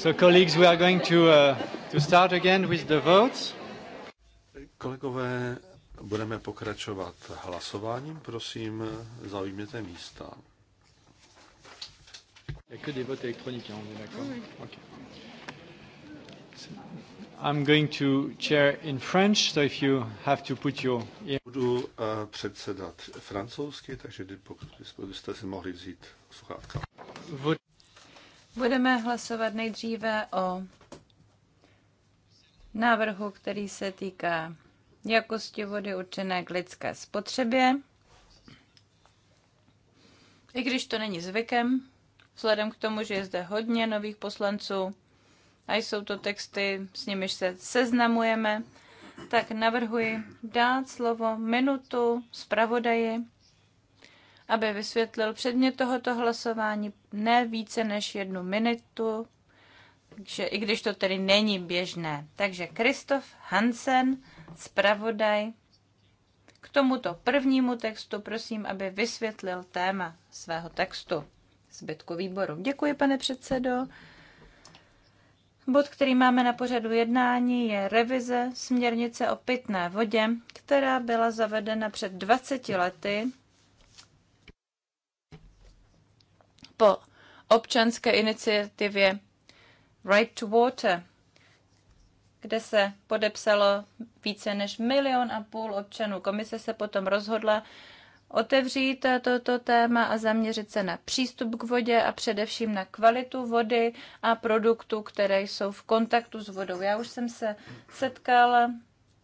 So colleagues, we are going to, uh, to start again with the votes. Kolegové, budeme pokračovat hlasováním. Prosím, zaujměte místa. I'm going to chair in French, so if you have to put your Budu uh, předsedat francouzsky, takže pokud byste si mohli vzít sluchátka. Vot Budeme hlasovat nejdříve o návrhu, který se týká jakosti vody určené k lidské spotřebě. I když to není zvykem, vzhledem k tomu, že je zde hodně nových poslanců a jsou to texty, s nimiž se seznamujeme, tak navrhuji dát slovo minutu zpravodaji aby vysvětlil předmět tohoto hlasování ne více než jednu minutu, takže, i když to tedy není běžné. Takže Kristof Hansen, zpravodaj, k tomuto prvnímu textu prosím, aby vysvětlil téma svého textu zbytku výboru. Děkuji, pane předsedo. Bod, který máme na pořadu jednání, je revize směrnice o pitné vodě, která byla zavedena před 20 lety po občanské iniciativě Right to Water, kde se podepsalo více než milion a půl občanů. Komise se potom rozhodla otevřít toto téma a zaměřit se na přístup k vodě a především na kvalitu vody a produktů, které jsou v kontaktu s vodou. Já už jsem se setkal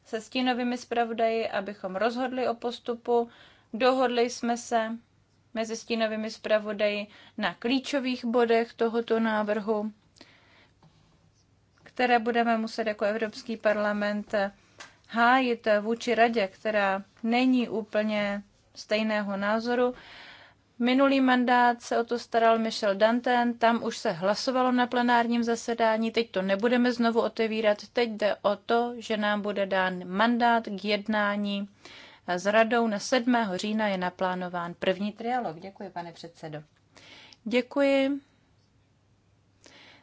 se stínovými zpravodaji, abychom rozhodli o postupu. Dohodli jsme se mezi stínovými zpravodaji na klíčových bodech tohoto návrhu, které budeme muset jako Evropský parlament hájit vůči radě, která není úplně stejného názoru. Minulý mandát se o to staral Michel Danten, tam už se hlasovalo na plenárním zasedání, teď to nebudeme znovu otevírat, teď jde o to, že nám bude dán mandát k jednání s radou. Na 7. října je naplánován první trialog. Děkuji, pane předsedo. Děkuji.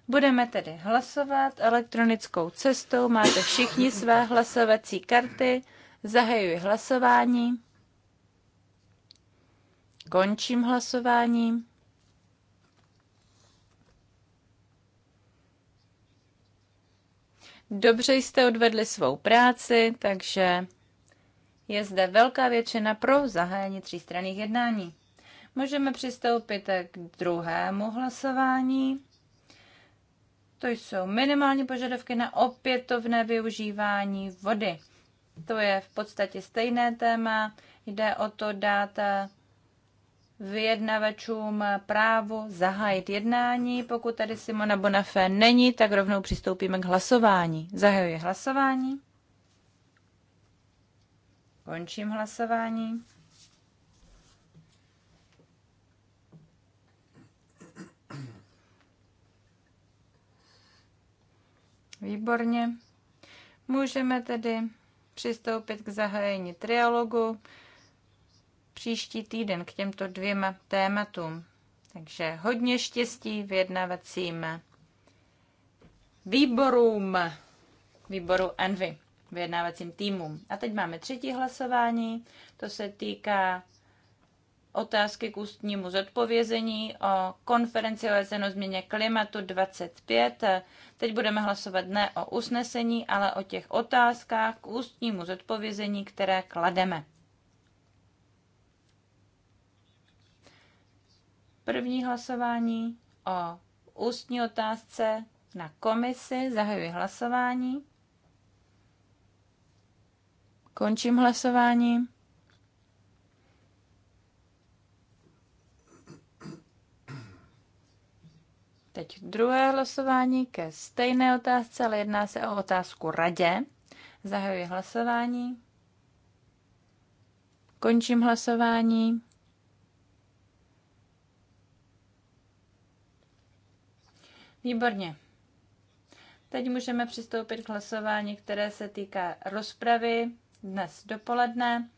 Budeme tedy hlasovat elektronickou cestou. Máte všichni své hlasovací karty. Zahajuji hlasování. Končím hlasování. Dobře jste odvedli svou práci, takže je zde velká většina pro zahájení třístranných jednání. Můžeme přistoupit k druhému hlasování. To jsou minimální požadavky na opětovné využívání vody. To je v podstatě stejné téma. Jde o to dát vyjednavačům právo zahájit jednání. Pokud tady Simona Bonafé není, tak rovnou přistoupíme k hlasování. Zahajuje hlasování. Končím hlasování. Výborně. Můžeme tedy přistoupit k zahájení trialogu příští týden k těmto dvěma tématům. Takže hodně štěstí vyjednavacím výborům, výboru Envy vyjednávacím týmům. A teď máme třetí hlasování, to se týká otázky k ústnímu zodpovězení o konferenci OSN o změně klimatu 25. Teď budeme hlasovat ne o usnesení, ale o těch otázkách k ústnímu zodpovězení, které klademe. První hlasování o ústní otázce na komisi. Zahajuji hlasování. Končím hlasování. Teď druhé hlasování ke stejné otázce, ale jedná se o otázku radě. Zahajuji hlasování. Končím hlasování. Výborně. Teď můžeme přistoupit k hlasování, které se týká rozpravy dnes dopoledne,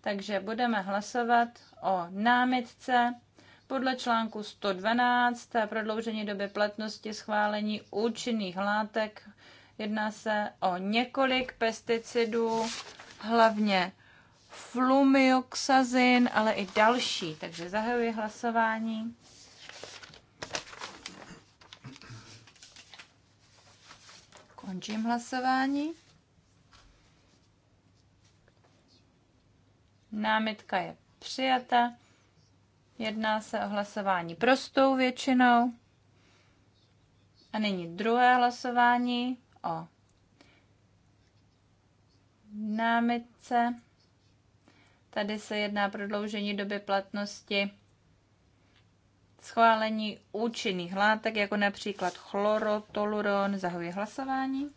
takže budeme hlasovat o námitce podle článku 112 prodloužení doby platnosti schválení účinných látek. Jedná se o několik pesticidů, hlavně flumioxazin, ale i další. Takže zahajuji hlasování. Končím hlasování. Námitka je přijata. Jedná se o hlasování prostou většinou. A nyní druhé hlasování o námitce. Tady se jedná prodloužení doby platnosti schválení účinných látek, jako například chlorotoluron. Zahuji hlasování.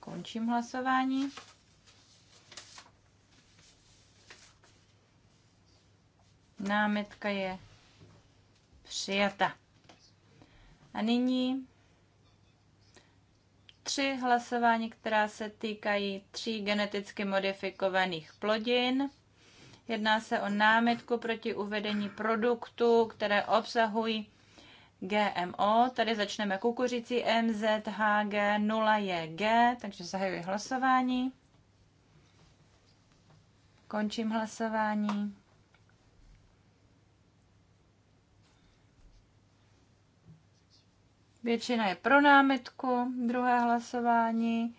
Končím hlasování. Námitka je přijata. A nyní tři hlasování, která se týkají tří geneticky modifikovaných plodin. Jedná se o námitku proti uvedení produktů, které obsahují GMO. Tady začneme kukuřicí MZHG0JG, takže zahajuji hlasování. Končím hlasování. Většina je pro námitku. Druhé hlasování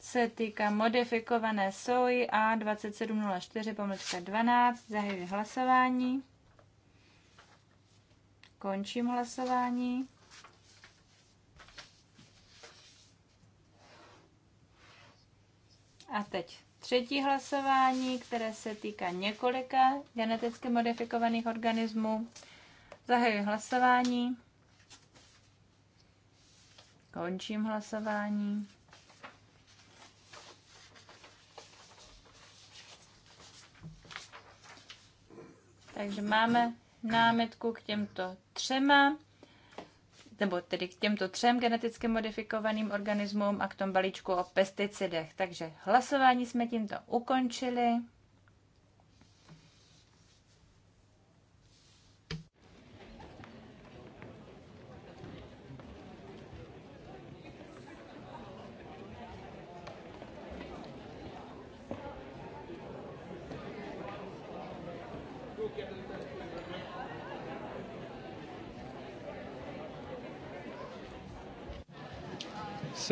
se týká modifikované soji A2704 pomlčka 12. Zahajuji hlasování. Končím hlasování. A teď třetí hlasování, které se týká několika geneticky modifikovaných organismů. Zahajuji hlasování. Končím hlasování. Takže máme námitku k těmto třema, nebo tedy k těmto třem geneticky modifikovaným organismům a k tom balíčku o pesticidech. Takže hlasování jsme tímto ukončili.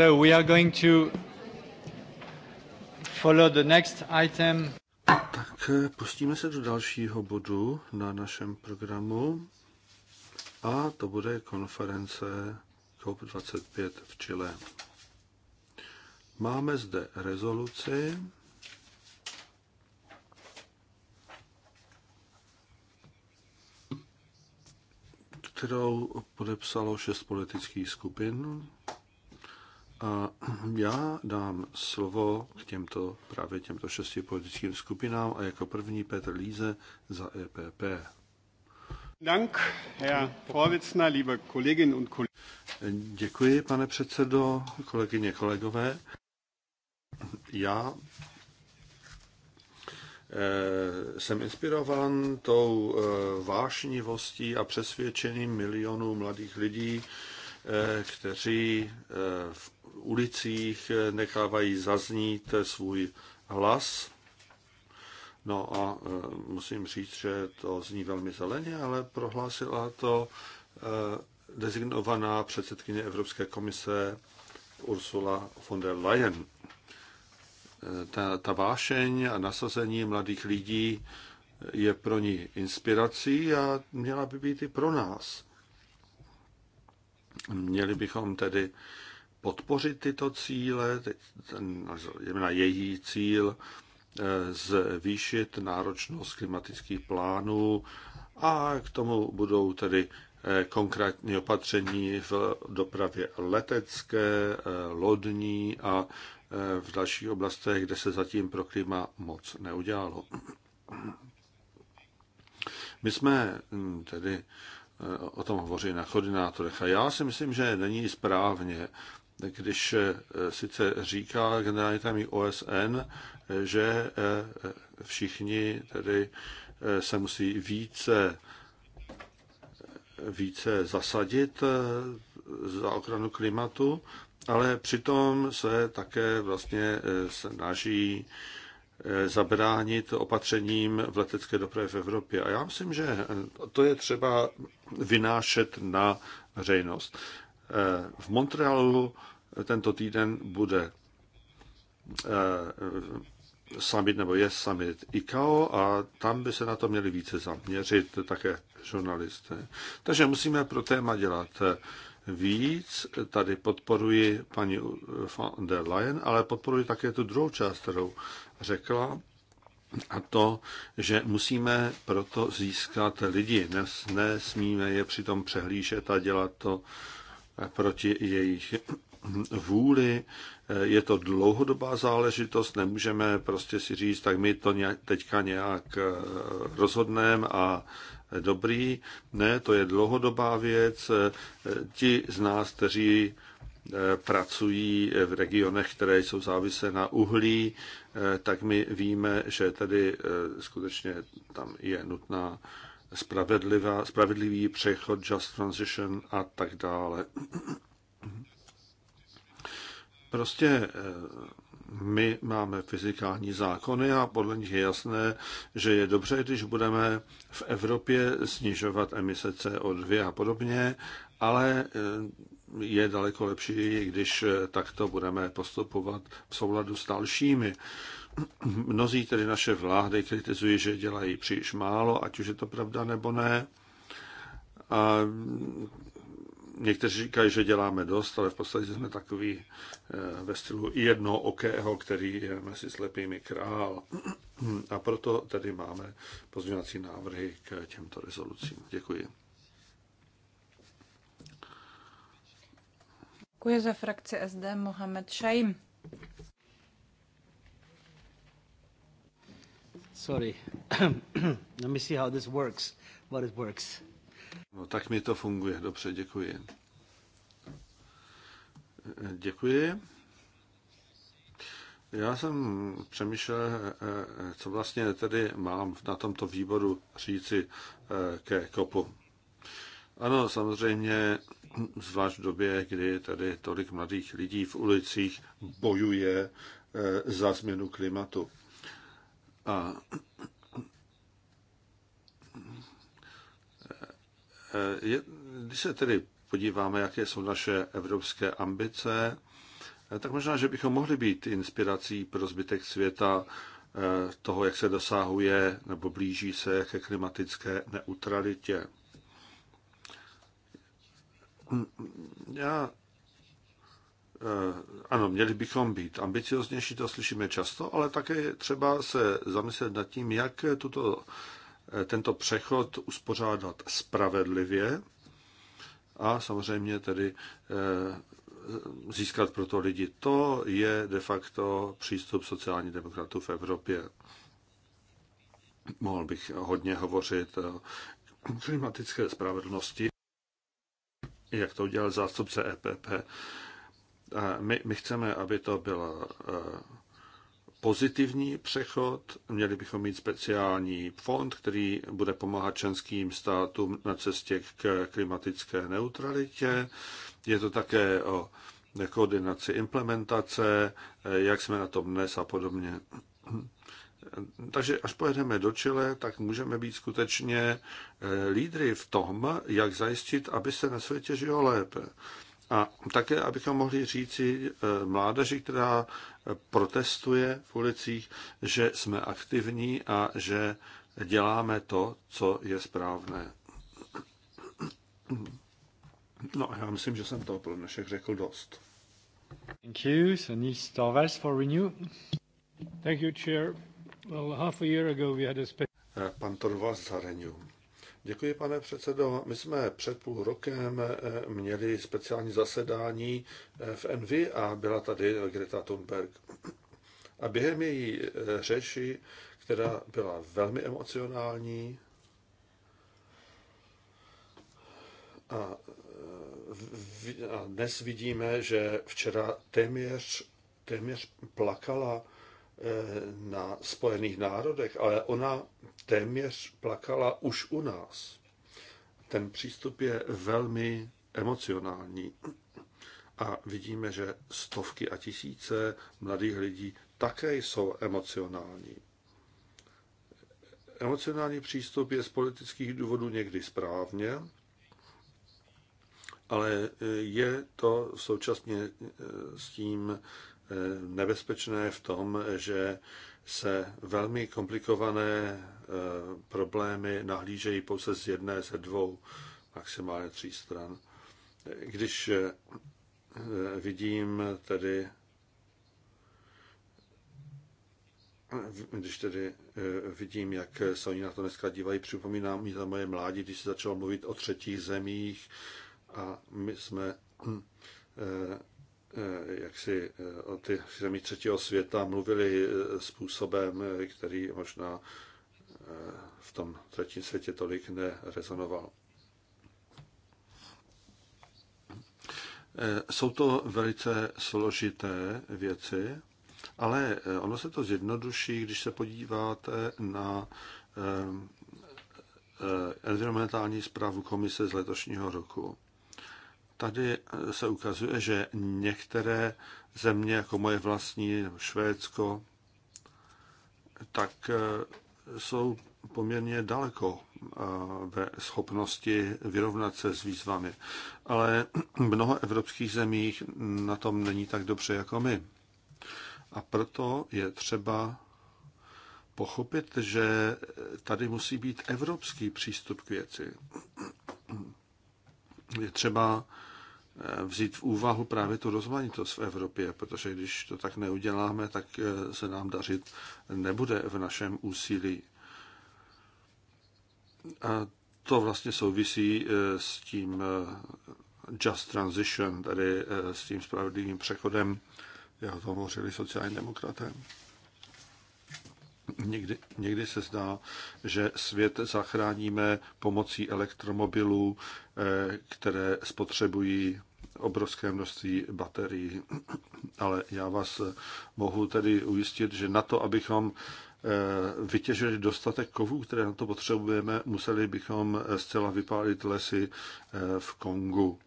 So we are going to follow the next item. Tak pustíme se do dalšího bodu na našem programu a to bude konference COP25 v Chile. Máme zde rezoluci. kterou podepsalo šest politických skupin a já dám slovo k těmto, právě těmto šesti politickým skupinám a jako první Petr Líze za EPP. Dank, liebe Kolleginnen und Děkuji, pane předsedo, kolegyně, kolegové. Já eh, jsem inspirovan tou eh, vášnivostí a přesvědčením milionů mladých lidí, eh, kteří v ulicích, eh, nechávají zaznít eh, svůj hlas. No a eh, musím říct, že to zní velmi zeleně, ale prohlásila to designovaná předsedkyně Evropské komise Ursula von der Leyen. Ta, ta vášeň a nasazení mladých lidí je pro ní inspirací a měla by být i pro nás. Měli bychom tedy podpořit tyto cíle, znamená její cíl, eh, zvýšit náročnost klimatických plánů a k tomu budou tedy eh, konkrétní opatření v dopravě letecké, eh, lodní a v dalších oblastech, kde se zatím pro klima moc neudělalo. My jsme hm, tedy o tom hovořili na koordinátorech a já si myslím, že není správně, když eh, sice říká generální tajemník OSN, eh, že eh, všichni tedy se musí více, více zasadit za ochranu klimatu, ale přitom se také vlastně snaží zabránit opatřením v letecké dopravě v Evropě. A já myslím, že to je třeba vynášet na veřejnost. V Montrealu tento týden bude eh, summit, nebo je summit ICAO a tam by se na to měli více zaměřit také žurnalisté. Takže musíme pro téma dělat eh, víc. Tady podporuji paní von der Leyen, ale podporuji také tu druhou část, kterou řekla, a to, že musíme proto získat lidi. Nesmíme je přitom přehlížet a dělat to eh, proti jejich vůli, eh, je to dlouhodobá záležitost, nemůžeme prostě si říct, tak my to teďka nějak eh, rozhodneme a dobrý. Ne, to je dlouhodobá věc. Eh, ti z nás, kteří pracují v regionech, které jsou závislé na uhlí, tak my víme, že tedy skutečně tam je nutná spravedlivá, spravedlivý přechod, just transition a tak dále. Prostě eh, my máme fyzikální zákony a podle nich je jasné, že je dobře, když budeme v Evropě snižovat emise CO2 a podobně, ale eh, je daleko lepší, když eh, takto budeme postupovat v souladu s dalšími. Mnozí tedy naše vlády kritizují, že dělají příliš málo, ať už je to pravda nebo ne. A Někteří říkají, že děláme dost, ale v podstatě jsme takový eh, ve stylu jedno okého, který je mezi slepými král. A proto tady máme pozměňovací návrhy k těmto rezolucím. Děkuji. Děkuji za frakci SD Mohamed Šajim. Sorry, let me see how this works, what it works. No tak mi to funguje, dobře, děkuji. Děkuji. Já jsem přemýšlel, co vlastně tedy mám na tomto výboru říci eh, ke kopu. Ano, samozřejmě, zvlášť v době, kdy tady tolik mladých lidí v ulicích bojuje eh, za změnu klimatu. A Eh, když se tedy podíváme, jaké jsou naše evropské ambice, eh, tak možná, že bychom mohli být inspirací pro zbytek světa eh, toho, jak se dosahuje nebo blíží se ke klimatické neutralitě. Já ano, měli bychom být ambicioznější, to slyšíme často, ale také třeba se zamyslet nad tím, jak tuto Eh, tento přechod uspořádat spravedlivě a samozřejmě tedy eh, získat pro to lidi. To je de facto přístup sociální demokratů v Evropě. Mohl bych hodně hovořit o klimatické spravedlnosti, jak to udělal zástupce EPP. My, my chceme, aby to byla eh, pozitivní přechod, měli bychom mít speciální fond, který bude pomáhat členským státům na cestě k klimatické neutralitě. Je to také o koordinaci implementace, jak jsme na tom dnes a podobně. Takže až pojedeme do Chile, tak můžeme být skutečně eh, lídry v tom, jak zajistit, aby se na světě žilo lépe. A také, abychom mohli říci eh, mládeži, která eh, protestuje v ulicích, že jsme aktivní a že děláme to, co je správné. No a já myslím, že jsem to pro dnešek řekl dost. Thank you, so Nils for Renew. Thank you, Chair. Well, half a year ago we had a special... Eh, pan Torvalds za Renew. Děkuji, pane předsedo. My jsme před půl rokem eh, měli speciální zasedání eh, v Envy a byla tady Greta Thunberg. A během její eh, řeši, která byla velmi emocionální a dnes vidíme, že včera téměř, téměř plakala Eh, na Spojených národech, ale ona téměř plakala už u nás. Ten přístup je velmi emocionální a vidíme, že stovky a tisíce mladých lidí také jsou emocionální. Emocionální přístup je z politických důvodů někdy správně, ale je to současně s tím nebezpečné v tom, že se velmi komplikované eh, problémy nahlížejí pouze z jedné, ze dvou, maximálně tří stran. Když eh, vidím tedy, když tedy eh, vidím, jak se oni na to dneska dívají, připomíná mi za moje mládí, když se začalo mluvit o třetích zemích a my jsme Eh, jak si eh, o ty zemí třetího světa mluvili eh, způsobem, který možná v tom třetím světě tolik nerezonoval. Jsou to velice složité věci, ale ono se to zjednoduší, když se podíváte na environmentální zprávu komise z letošního roku. Tady eh, se ukazuje, že některé země, jako moje vlastní, Švédsko, tak eh, jsou poměrně daleko eh, ve schopnosti vyrovnat se s výzvami. Ale mnoho evropských zemích na tom není tak dobře jako my. A proto je třeba pochopit, že tady musí být evropský přístup k věci. Je třeba Eh, vzít v úvahu právě tu rozmanitost v Evropě, protože když to tak neuděláme, tak eh, se nám dařit nebude v našem úsilí. A to vlastně souvisí eh, s tím just transition, tedy s tím spravedlivým přechodem, jak to hovořili sociální demokraté. Někdy, někdy se zdá, že svět zachráníme pomocí elektromobilů, které spotřebují obrovské množství baterií. Ale já vás mohu tedy ujistit, že na to, abychom eh, vytěžili dostatek kovů, které na to potřebujeme, museli bychom eh, zcela vypálit lesy eh, v Kongu.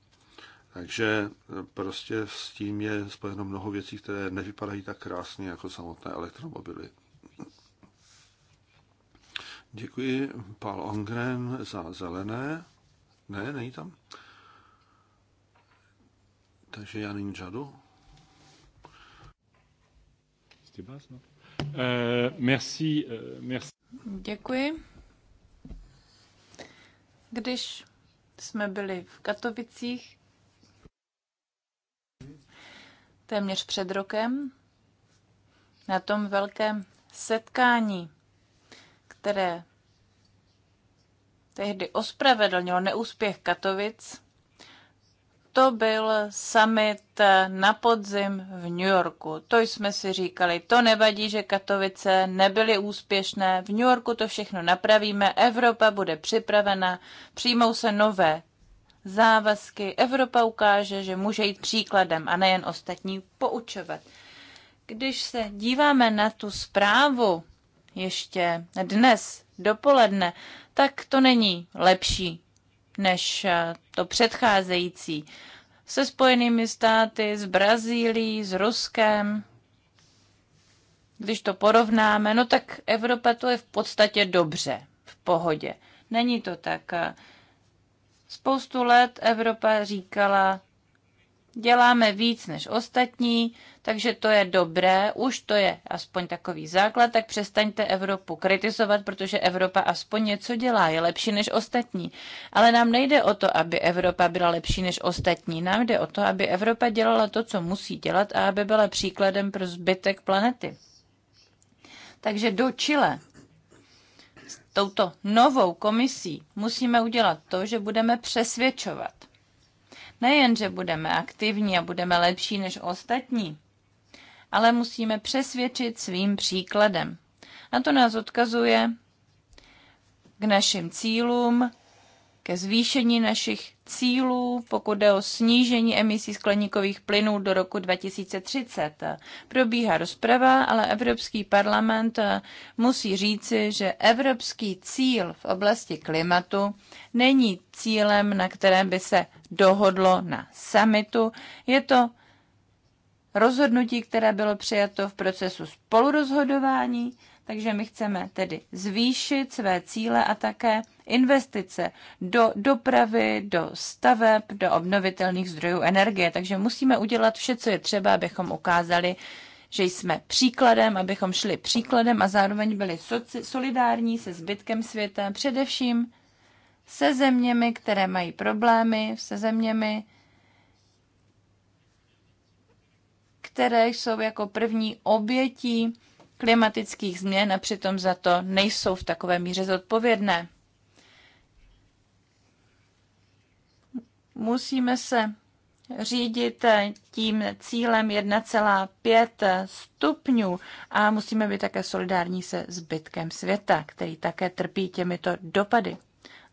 Takže prostě s tím je spojeno mnoho věcí, které nevypadají tak krásně jako samotné elektromobily. Děkuji Paul Ongren za zelené. Ne, není tam. Takže já nyní řadu. No. Eh, eh, Děkuji. Když jsme byli v Katovicích téměř před rokem, na tom velkém setkání, které tehdy ospravedlnilo neúspěch Katovic, to byl summit eh, na podzim v New Yorku. To jsme si říkali, to nevadí, že Katovice nebyly úspěšné. V New Yorku to všechno napravíme, Evropa bude připravena, přijmou se nové závazky. Evropa ukáže, že může jít příkladem a nejen ostatní poučovat. Když se díváme na tu zprávu ještě dnes dopoledne, tak to není lepší než eh, to předcházející. Se Spojenými státy, s Brazílií, s Ruskem. Když to porovnáme, no tak Evropa to je v podstatě dobře, v pohodě. Není to tak. Eh. Spoustu let Evropa říkala, děláme víc než ostatní, takže to je dobré, už to je aspoň takový základ, tak přestaňte Evropu kritizovat, protože Evropa aspoň něco dělá, je lepší než ostatní. Ale nám nejde o to, aby Evropa byla lepší než ostatní, nám jde o to, aby Evropa dělala to, co musí dělat a aby byla příkladem pro zbytek planety. Takže do Chile s touto novou komisí musíme udělat to, že budeme přesvědčovat – Nejen, že budeme aktivní a budeme lepší než ostatní, ale musíme přesvědčit svým příkladem. Na to nás odkazuje k našim cílům ke zvýšení našich cílů, pokud jde o snížení emisí skleníkových plynů do roku 2030. Probíhá rozprava, ale Evropský parlament eh, musí říci, že evropský cíl v oblasti klimatu není cílem, na kterém by se dohodlo na summitu. Je to rozhodnutí, které bylo přijato v procesu spolurozhodování takže my chceme tedy zvýšit své cíle a také investice do dopravy, do staveb, do obnovitelných zdrojů energie. Takže musíme udělat vše, co je třeba, abychom ukázali, že jsme příkladem, abychom šli příkladem a zároveň byli solidární se zbytkem světa, především se zeměmi, které mají problémy, se zeměmi, které jsou jako první obětí klimatických změn a přitom za to nejsou v takové míře zodpovědné. Musíme se řídit tím cílem 1,5 stupňů a musíme být také solidární se zbytkem světa, který také trpí těmito dopady.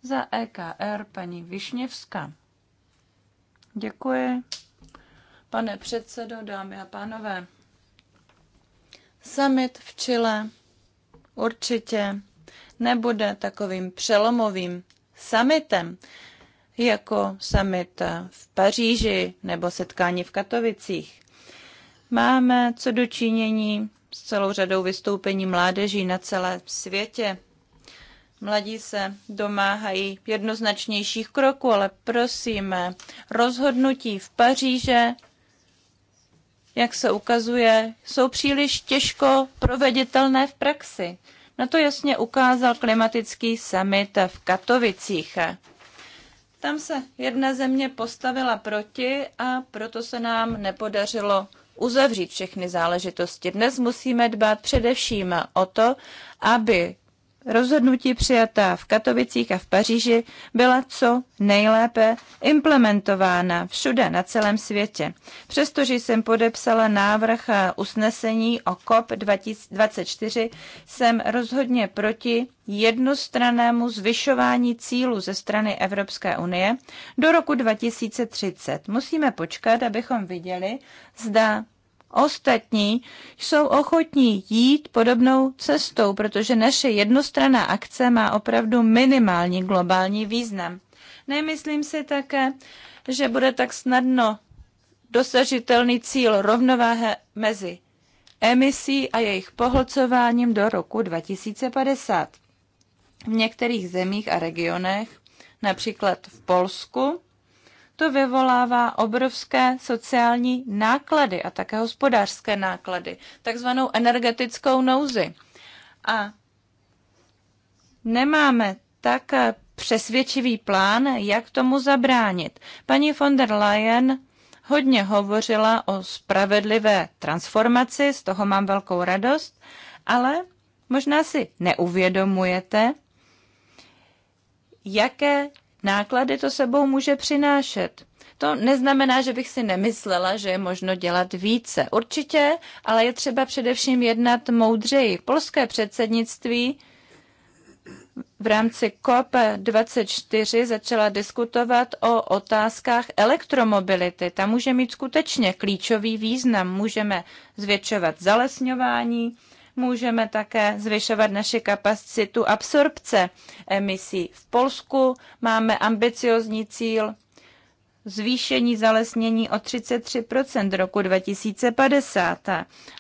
Za EKR paní Višněvská. Děkuji. Pane předsedo, dámy a pánové. Summit v Chile určitě nebude takovým přelomovým summitem, jako summit v Paříži nebo setkání v Katovicích. Máme co dočinění s celou řadou vystoupení mládeží na celém světě. Mladí se domáhají jednoznačnějších kroků, ale prosíme, rozhodnutí v Paříže jak se ukazuje, jsou příliš těžko proveditelné v praxi. Na to jasně ukázal klimatický summit v Katovicích. Tam se jedna země postavila proti a proto se nám nepodařilo uzavřít všechny záležitosti. Dnes musíme dbát především o to, aby rozhodnutí přijatá v Katovicích a v Paříži byla co nejlépe implementována všude na celém světě. Přestože jsem podepsala návrh usnesení o COP 24, jsem rozhodně proti jednostrannému zvyšování cílu ze strany Evropské unie do roku 2030. Musíme počkat, abychom viděli, zda ostatní jsou ochotní jít podobnou cestou, protože naše jednostranná akce má opravdu minimální globální význam. Nemyslím si také, že bude tak snadno dosažitelný cíl rovnováhy mezi emisí a jejich pohlcováním do roku 2050. V některých zemích a regionech, například v Polsku, to vyvolává obrovské sociální náklady a také hospodářské náklady, takzvanou energetickou nouzi. A nemáme tak přesvědčivý plán, jak tomu zabránit. Paní von der Leyen hodně hovořila o spravedlivé transformaci, z toho mám velkou radost, ale možná si neuvědomujete, jaké náklady to sebou může přinášet. To neznamená, že bych si nemyslela, že je možno dělat více. Určitě, ale je třeba především jednat moudřeji. Polské předsednictví v rámci COP24 začala diskutovat o otázkách elektromobility. Ta může mít skutečně klíčový význam. Můžeme zvětšovat zalesňování, můžeme také zvyšovat naši kapacitu absorpce emisí. V Polsku máme ambiciozní cíl zvýšení zalesnění o 33 do roku 2050.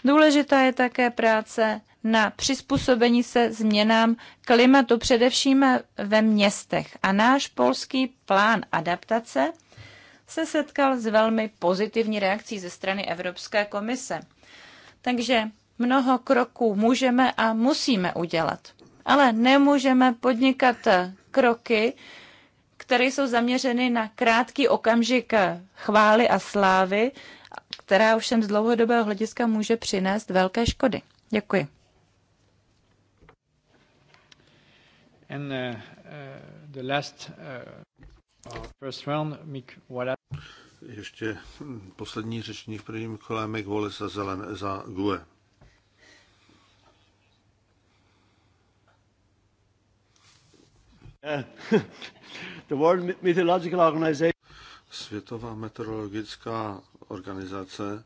Důležitá je také práce na přizpůsobení se změnám klimatu, především ve městech. A náš polský plán adaptace se setkal s velmi pozitivní reakcí ze strany Evropské komise. Takže mnoho kroků můžeme a musíme udělat. Ale nemůžeme podnikat kroky, které jsou zaměřeny na krátký okamžik chvály a slávy, která ovšem z dlouhodobého hlediska může přinést velké škody. Děkuji. And, uh, uh the last, uh, Ještě poslední řečník v prvním kole Mick Wallace za, zelen, za GUE. Eh, the World Meteorological Organization. Světová meteorologická organizace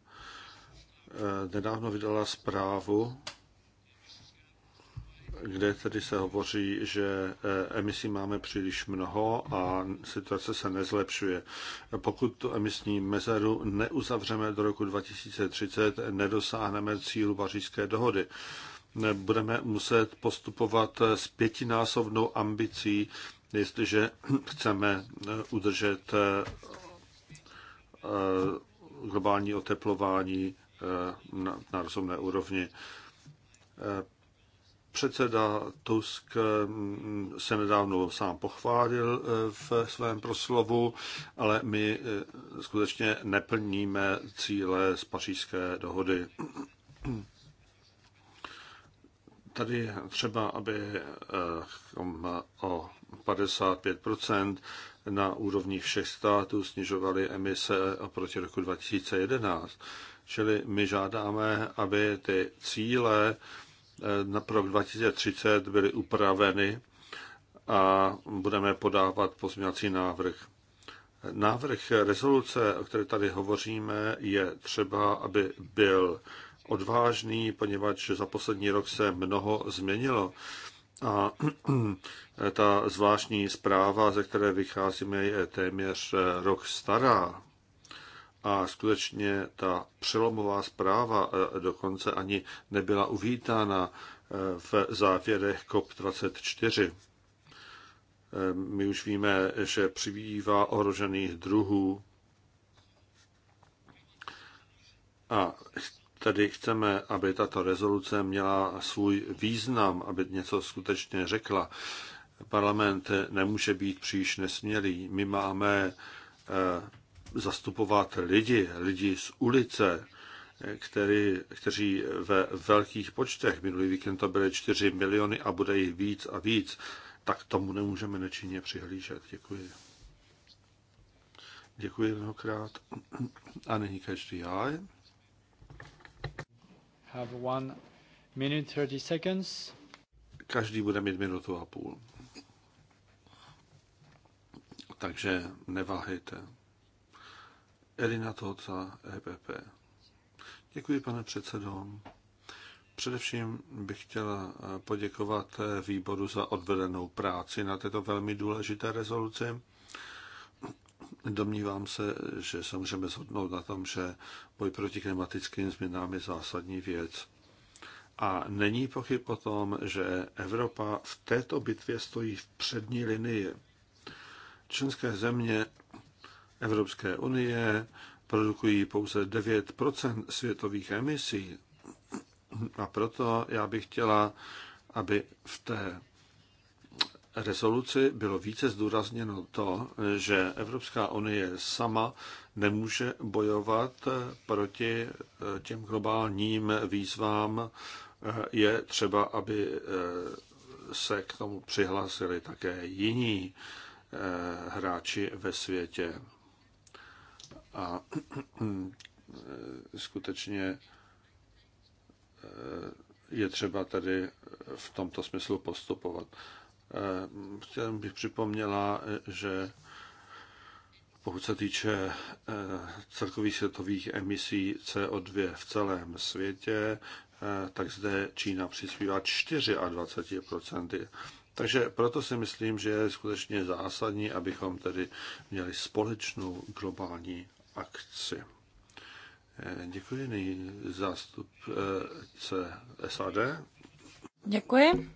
eh, nedávno vydala zprávu, kde tedy se hovoří, že eh, emisí máme příliš mnoho a situace se nezlepšuje. Pokud tu emisní mezeru neuzavřeme do roku 2030, nedosáhneme cílu pařížské dohody budeme muset postupovat s pětinásobnou ambicí, jestliže chceme udržet eh, globální oteplování eh, na rozumné úrovni. Eh, předseda Tusk mm, se nedávno sám pochválil v svém proslovu, ale my skutečně neplníme cíle z pařížské dohody. Tady třeba, aby eh, o 55 na úrovni všech států snižovaly emise oproti roku 2011. Čili my žádáme, aby ty cíle eh, na rok 2030 byly upraveny a budeme podávat pozměňovací návrh. Návrh rezoluce, o které tady hovoříme, je třeba, aby byl odvážný, poněvadž za poslední rok se mnoho změnilo. A ta zvláštní zpráva, ze které vycházíme, je téměř rok stará. A skutečně ta přelomová zpráva e, dokonce ani nebyla uvítána e, v závěrech COP24. E, my už víme, že přibývá ohrožených druhů a Tedy chceme, aby tato rezoluce měla svůj význam, aby něco skutečně řekla. Parlament nemůže být příliš nesmělý. My máme eh, zastupovat lidi, lidi z ulice, který, kteří ve velkých počtech, minulý víkend to byly 4 miliony a bude jich víc a víc, tak tomu nemůžeme nečinně přihlížet. Děkuji. Děkuji mnohokrát. A nyní každý já have one minute 30 seconds. Každý bude mít minutu a půl. Takže neváhejte. Elina Toca, EPP. Děkuji, pane předsedo. Především bych chtěla eh, poděkovat eh, výboru za odvedenou práci na této velmi důležité rezoluci Domnívám se, že se můžeme shodnout na tom, že boj proti klimatickým změnám je zásadní věc. A není pochyb o tom, že Evropa v této bitvě stojí v přední linii. Členské země Evropské unie produkují pouze 9 světových emisí. A proto já bych chtěla, aby v té rezoluci bylo více zdůrazněno to, že Evropská unie sama nemůže bojovat proti eh, těm globálním výzvám. Eh, je třeba, aby eh, se k tomu přihlásili také jiní hráči ve světě. A skutečně je třeba tady v tomto smyslu postupovat. Eh, chtěl bych připomněla, eh, že pokud se týče eh, celkových světových emisí CO2 v celém světě, tak zde Čína přispívá 24%. Takže proto si myslím, že je skutečně zásadní, abychom tedy měli společnou globální akci. Děkuji nyní zástupce SAD. Děkuji.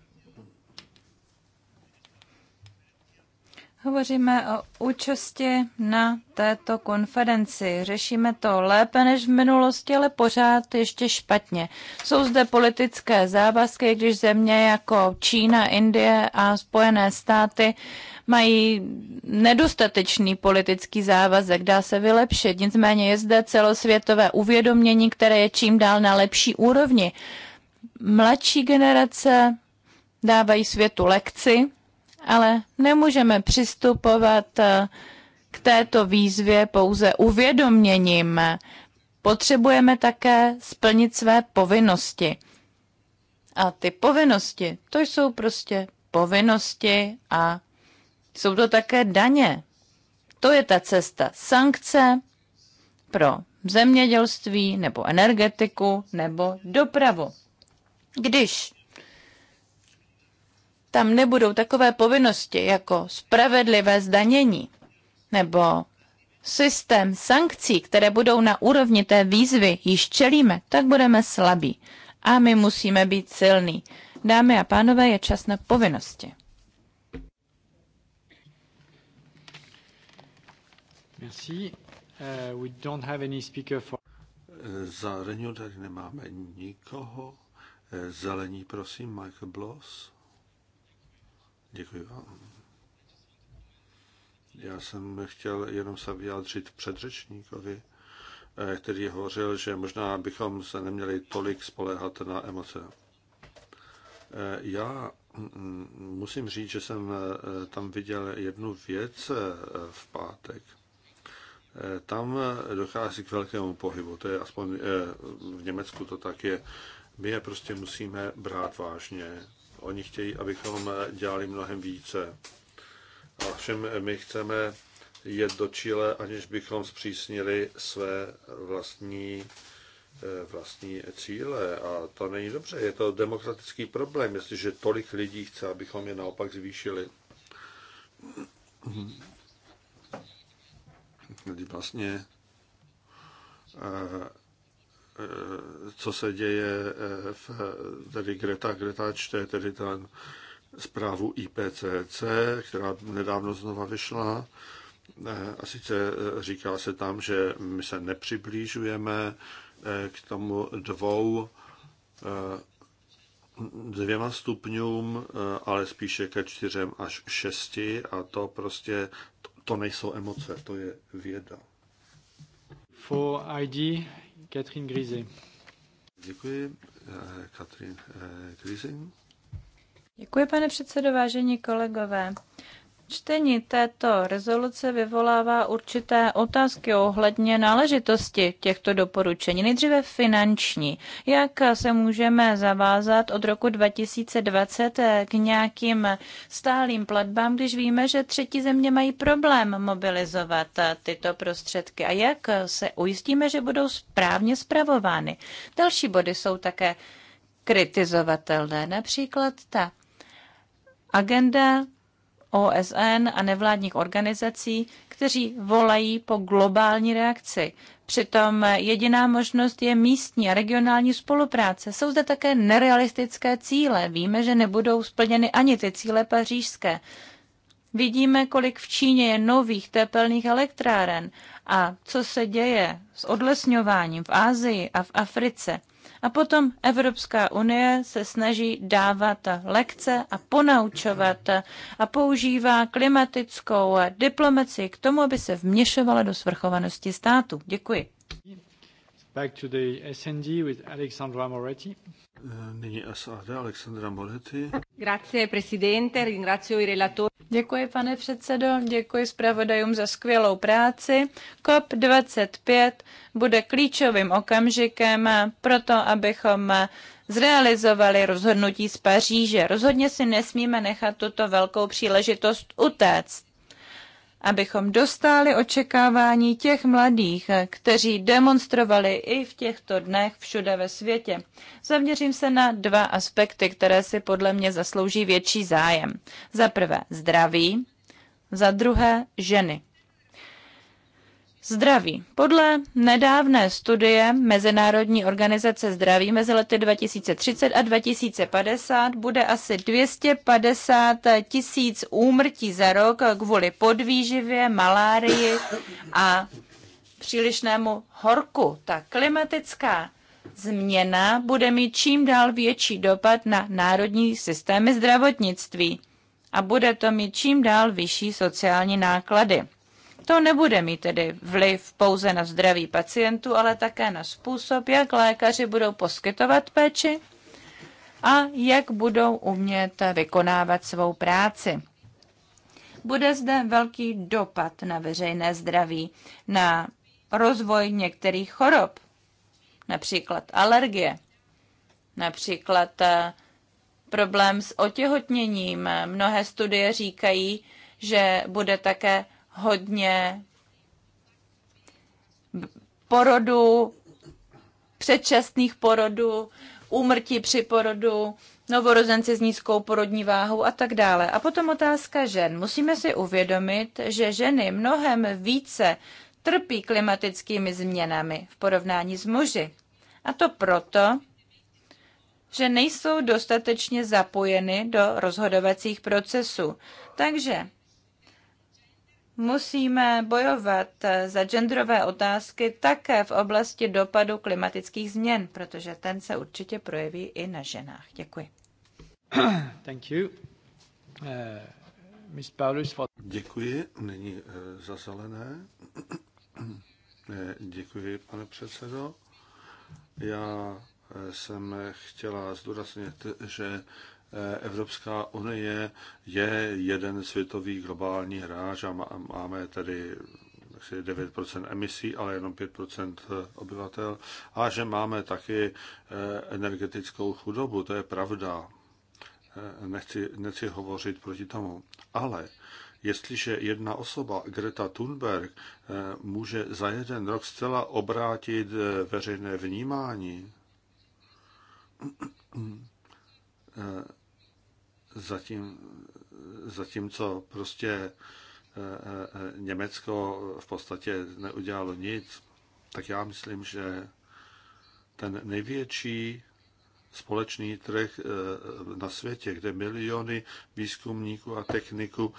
Hovoříme o účasti na této konferenci. Řešíme to lépe než v minulosti, ale pořád ještě špatně. Jsou zde politické závazky, když země jako Čína, Indie a Spojené státy mají nedostatečný politický závazek, dá se vylepšit. Nicméně je zde celosvětové uvědomění, které je čím dál na lepší úrovni. Mladší generace dávají světu lekci, ale nemůžeme přistupovat eh, k této výzvě pouze uvědoměním. Potřebujeme také splnit své povinnosti. A ty povinnosti, to jsou prostě povinnosti a jsou to také daně. To je ta cesta. Sankce pro zemědělství nebo energetiku nebo dopravu. Když tam nebudou takové povinnosti jako spravedlivé zdanění nebo systém sankcí, které budou na úrovni té výzvy, již čelíme, tak budeme slabí. A my musíme být silní. Dámy a pánové, je čas na povinnosti. Merci. Uh, we don't have any speaker for... Za Renew tady nemáme nikoho. Eh, zelení, prosím, Michael Bloss. Děkuji vám. Já jsem chtěl jenom se vyjádřit předřečníkovi, eh, který hovořil, že možná bychom se neměli tolik spolehat na emoce. Eh, já mm, musím říct, že jsem eh, tam viděl jednu věc v pátek. Tam dochází k velkému pohybu, to je aspoň v Německu to tak je. My je prostě musíme brát vážně. Oni chtějí, abychom dělali mnohem více. A všem my chceme jet do Chile, aniž bychom zpřísnili své vlastní, eh, vlastní cíle. A to není dobře. Je to demokratický problém, jestliže tolik lidí chce, abychom je naopak zvýšili. Kdy vlastně eh, Eh, co se děje eh, v tedy Greta. Greta čte tedy ten zprávu IPCC, která nedávno znova vyšla. Eh, a sice říká se tam, že my se nepřiblížujeme k tomu dvou dvěma stupňům, ale spíše ke čtyřem až šesti a to prostě, to, to nejsou emoce, to je věda. For ID, Catherine Grisey. Děkuji, Katrin eh, eh, Grisey. Děkuji, pane předsedo, vážení kolegové. Čtení této rezoluce vyvolává určité otázky ohledně náležitosti těchto doporučení. Nejdříve finanční. Jak se můžeme zavázat od roku 2020 k nějakým stálým platbám, když víme, že třetí země mají problém mobilizovat tyto prostředky? A jak se ujistíme, že budou správně zpravovány? Další body jsou také kritizovatelné, například ta agenda OSN a nevládních organizací, kteří volají po globální reakci. Přitom jediná možnost je místní a regionální spolupráce. Jsou zde také nerealistické cíle. Víme, že nebudou splněny ani ty cíle pařížské. Vidíme, kolik v Číně je nových tepelných elektráren a co se děje s odlesňováním v Ázii a v Africe. A potom Evropská unie se snaží dávat lekce a ponaučovat a používá klimatickou diplomaci k tomu, aby se vměšovala do svrchovanosti státu. Děkuji. Back to the SND with Alexandra Moretti. Eh, nyní SAD Alexandra Moretti. Grazie, presidente, ringrazio i relatori. Děkuji, pane předsedo, děkuji zpravodajům za skvělou práci. COP25 bude klíčovým okamžikem pro to, abychom zrealizovali rozhodnutí z Paříže. Rozhodně si nesmíme nechat tuto velkou příležitost utéct abychom dostáli očekávání těch mladých, kteří demonstrovali i v těchto dnech všude ve světě. Zaměřím se na dva aspekty, které si podle mě zaslouží větší zájem. Za prvé zdraví, za druhé ženy zdraví. Podle nedávné studie Mezinárodní organizace zdraví mezi lety 2030 a 2050 bude asi 250 tisíc úmrtí za rok kvůli podvýživě, malárii a přílišnému horku. Ta klimatická změna bude mít čím dál větší dopad na národní systémy zdravotnictví a bude to mít čím dál vyšší sociální náklady. To nebude mít tedy vliv pouze na zdraví pacientů, ale také na způsob, jak lékaři budou poskytovat péči a jak budou umět vykonávat svou práci. Bude zde velký dopad na veřejné zdraví, na rozvoj některých chorob, například alergie, například eh, problém s otěhotněním. Mnohé studie říkají, že bude také hodně porodů, předčasných porodů, úmrtí při porodu, novorozenci s nízkou porodní váhou a tak dále. A potom otázka žen. Musíme si uvědomit, že ženy mnohem více trpí klimatickými změnami v porovnání s muži. A to proto, že nejsou dostatečně zapojeny do rozhodovacích procesů. Takže musíme bojovat eh, za genderové otázky také v oblasti dopadu klimatických změn, protože ten se určitě projeví i na ženách. Děkuji. Thank you. Uh, Miss Paulus for... Děkuji. Nyní uh, za zelené. Děkuji, pane předsedo. Já jsem chtěla zdůraznit, že Evropská unie je jeden světový globální hráč a máme tedy 9 emisí, ale jenom 5 obyvatel. A že máme taky eh, energetickou chudobu, to je pravda. Eh, nechci, nechci hovořit proti tomu. Ale jestliže jedna osoba, Greta Thunberg, eh, může za jeden rok zcela obrátit veřejné vnímání, zatím, zatímco prostě eh, eh, Německo v podstatě neudělalo nic, tak já myslím, že ten největší společný trh eh, na světě, kde miliony výzkumníků a techniků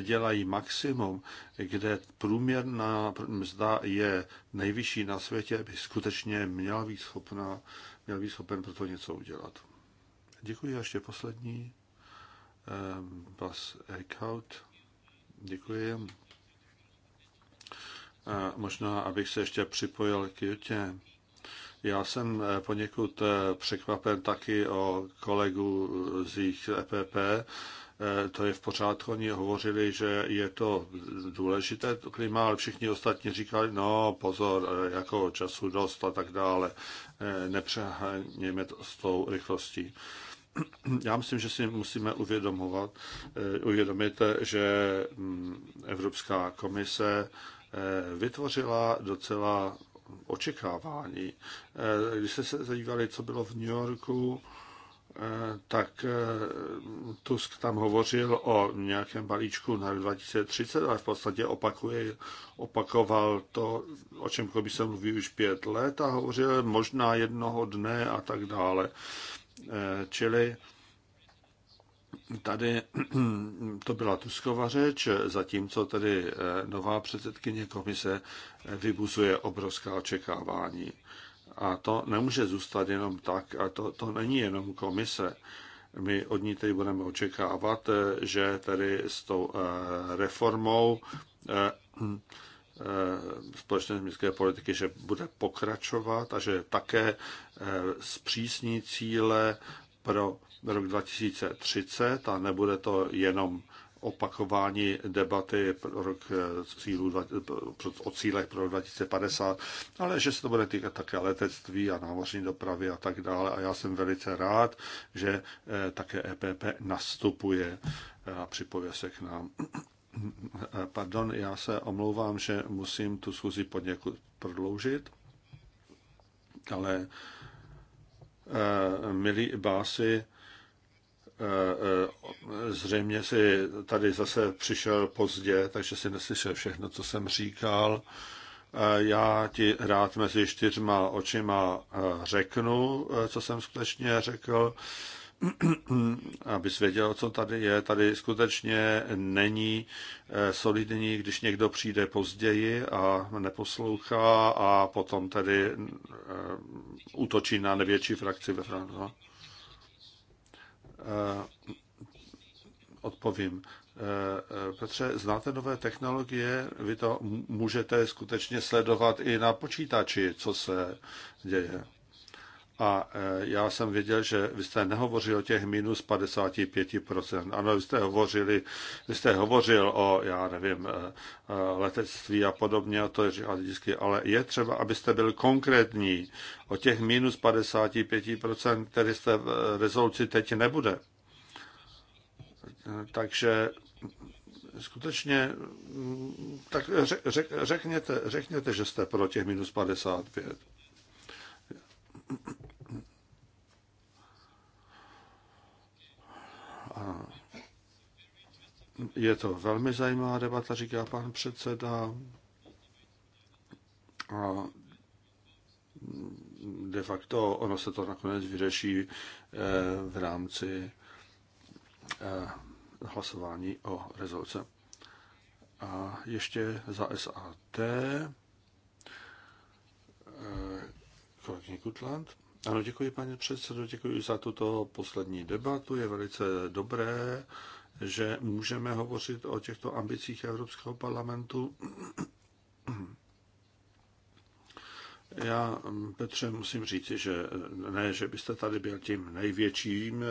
dělají maximum, kde průměrná mzda je nejvyšší na světě, by skutečně měla být schopna, měl být schopen pro to něco udělat. Děkuji a ještě poslední. Eh, Bas Eckhout. Děkuji. Eh, možná, abych se ještě připojil k Jutě. Já jsem eh, poněkud překvapen taky o kolegu z jich EPP. To je v pořádku, oni hovořili, že je to důležité to klima, ale všichni ostatní říkali, no pozor, jako času dost a tak dále, nepřeháněme to s tou rychlostí já myslím, že si musíme uvědomovat, eh, uvědomit, že mm, Evropská komise eh, vytvořila docela očekávání. Eh, když jste se zajívali, co bylo v New Yorku, tak Tusk tam hovořil o nějakém balíčku na 2030, ale v podstatě opakuje, opakoval to, o čem by se mluví už pět let a hovořil možná jednoho dne a tak dále. Eh, čili tady to byla Tuskova řeč, zatímco tady eh, nová předsedkyně komise eh, vybuzuje obrovská očekávání. A to nemůže zůstat jenom tak, a to, to není jenom komise. My od ní tedy budeme očekávat, že tedy s tou reformou Eh, společné městské politiky, že bude pokračovat a že také eh, zpřísní cíle pro rok 2030 a nebude to jenom opakování debaty pro rok eh, cílů, o cílech pro 2050, ale že se to bude týkat také letectví a námořní dopravy a tak dále. A já jsem velice rád, že také EPP nastupuje a připojuje se k nám. Pardon, já se omlouvám, že musím tu schůzi poněkud prodloužit, ale eh, milí básy, eh, eh, zřejmě si tady zase přišel pozdě, takže si neslyšel všechno, co jsem říkal. Já ti rád mezi čtyřma očima řeknu, co jsem skutečně řekl. aby věděl, co tady je. Tady skutečně není eh, solidní, když někdo přijde později a neposlouchá a potom tedy eh, útočí na největší frakci ve Francii. Eh, odpovím. Petře, znáte nové technologie, vy to můžete skutečně sledovat i na počítači, co se děje. A e, já jsem věděl, že vy jste nehovořil o těch minus 55%. Ano, vy jste, hovořili, vy jste hovořil o, já nevím, e, e, letectví a podobně, a to je říkal vždycky, ale je třeba, abyste byl konkrétní o těch minus 55%, které jste v rezoluci teď nebude. Takže skutečně, mm, tak řek, řekněte, řekněte, že jste pro těch minus 55. A je to velmi zajímavá debata, říká pan předseda. A de facto ono se to nakonec vyřeší eh, v rámci eh, hlasování o rezoluce. A ještě za SAT eh, kolegyně Kutland. Ano, děkuji, pane předsedo, děkuji za tuto poslední debatu. Je velice dobré, že můžeme hovořit o těchto ambicích Evropského parlamentu. Já, Petře, musím říci, že ne, že byste tady byl tím největším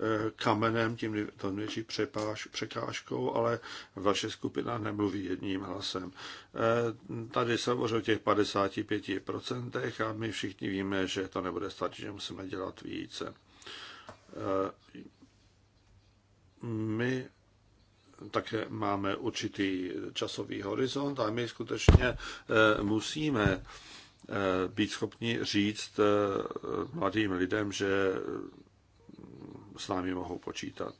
Eh, kamenem, tím to největší překážkou, ale vaše skupina nemluví jedním hlasem. Eh, tady se hovoří o těch 55% a my všichni víme, že to nebude stačit, že musíme dělat více. Eh, my také máme určitý časový horizont a my skutečně musíme být schopni říct mladým lidem, že s námi mohou počítat.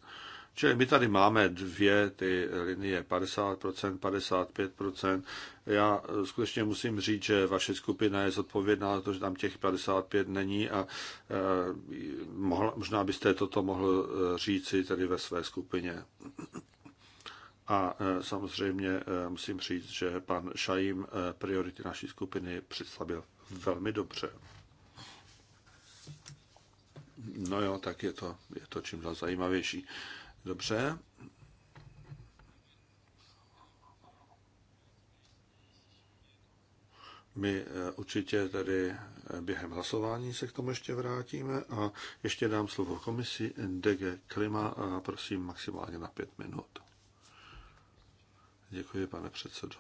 Čili my tady máme dvě ty linie, 50%, 55%. Já skutečně musím říct, že vaše skupina je zodpovědná, to, že tam těch 55 není a e, eh, mohla, možná byste toto mohl eh, říci tedy ve své skupině. A eh, samozřejmě musím říct, že pan Šajím e, priority naší skupiny představil velmi dobře. No jo, tak je to, je to čím dál zajímavější. Dobře. My eh, určitě tady eh, během hlasování se k tomu ještě vrátíme a ještě dám slovo komisi DG Klima a prosím maximálně na pět minut. Děkuji, pane předsedo.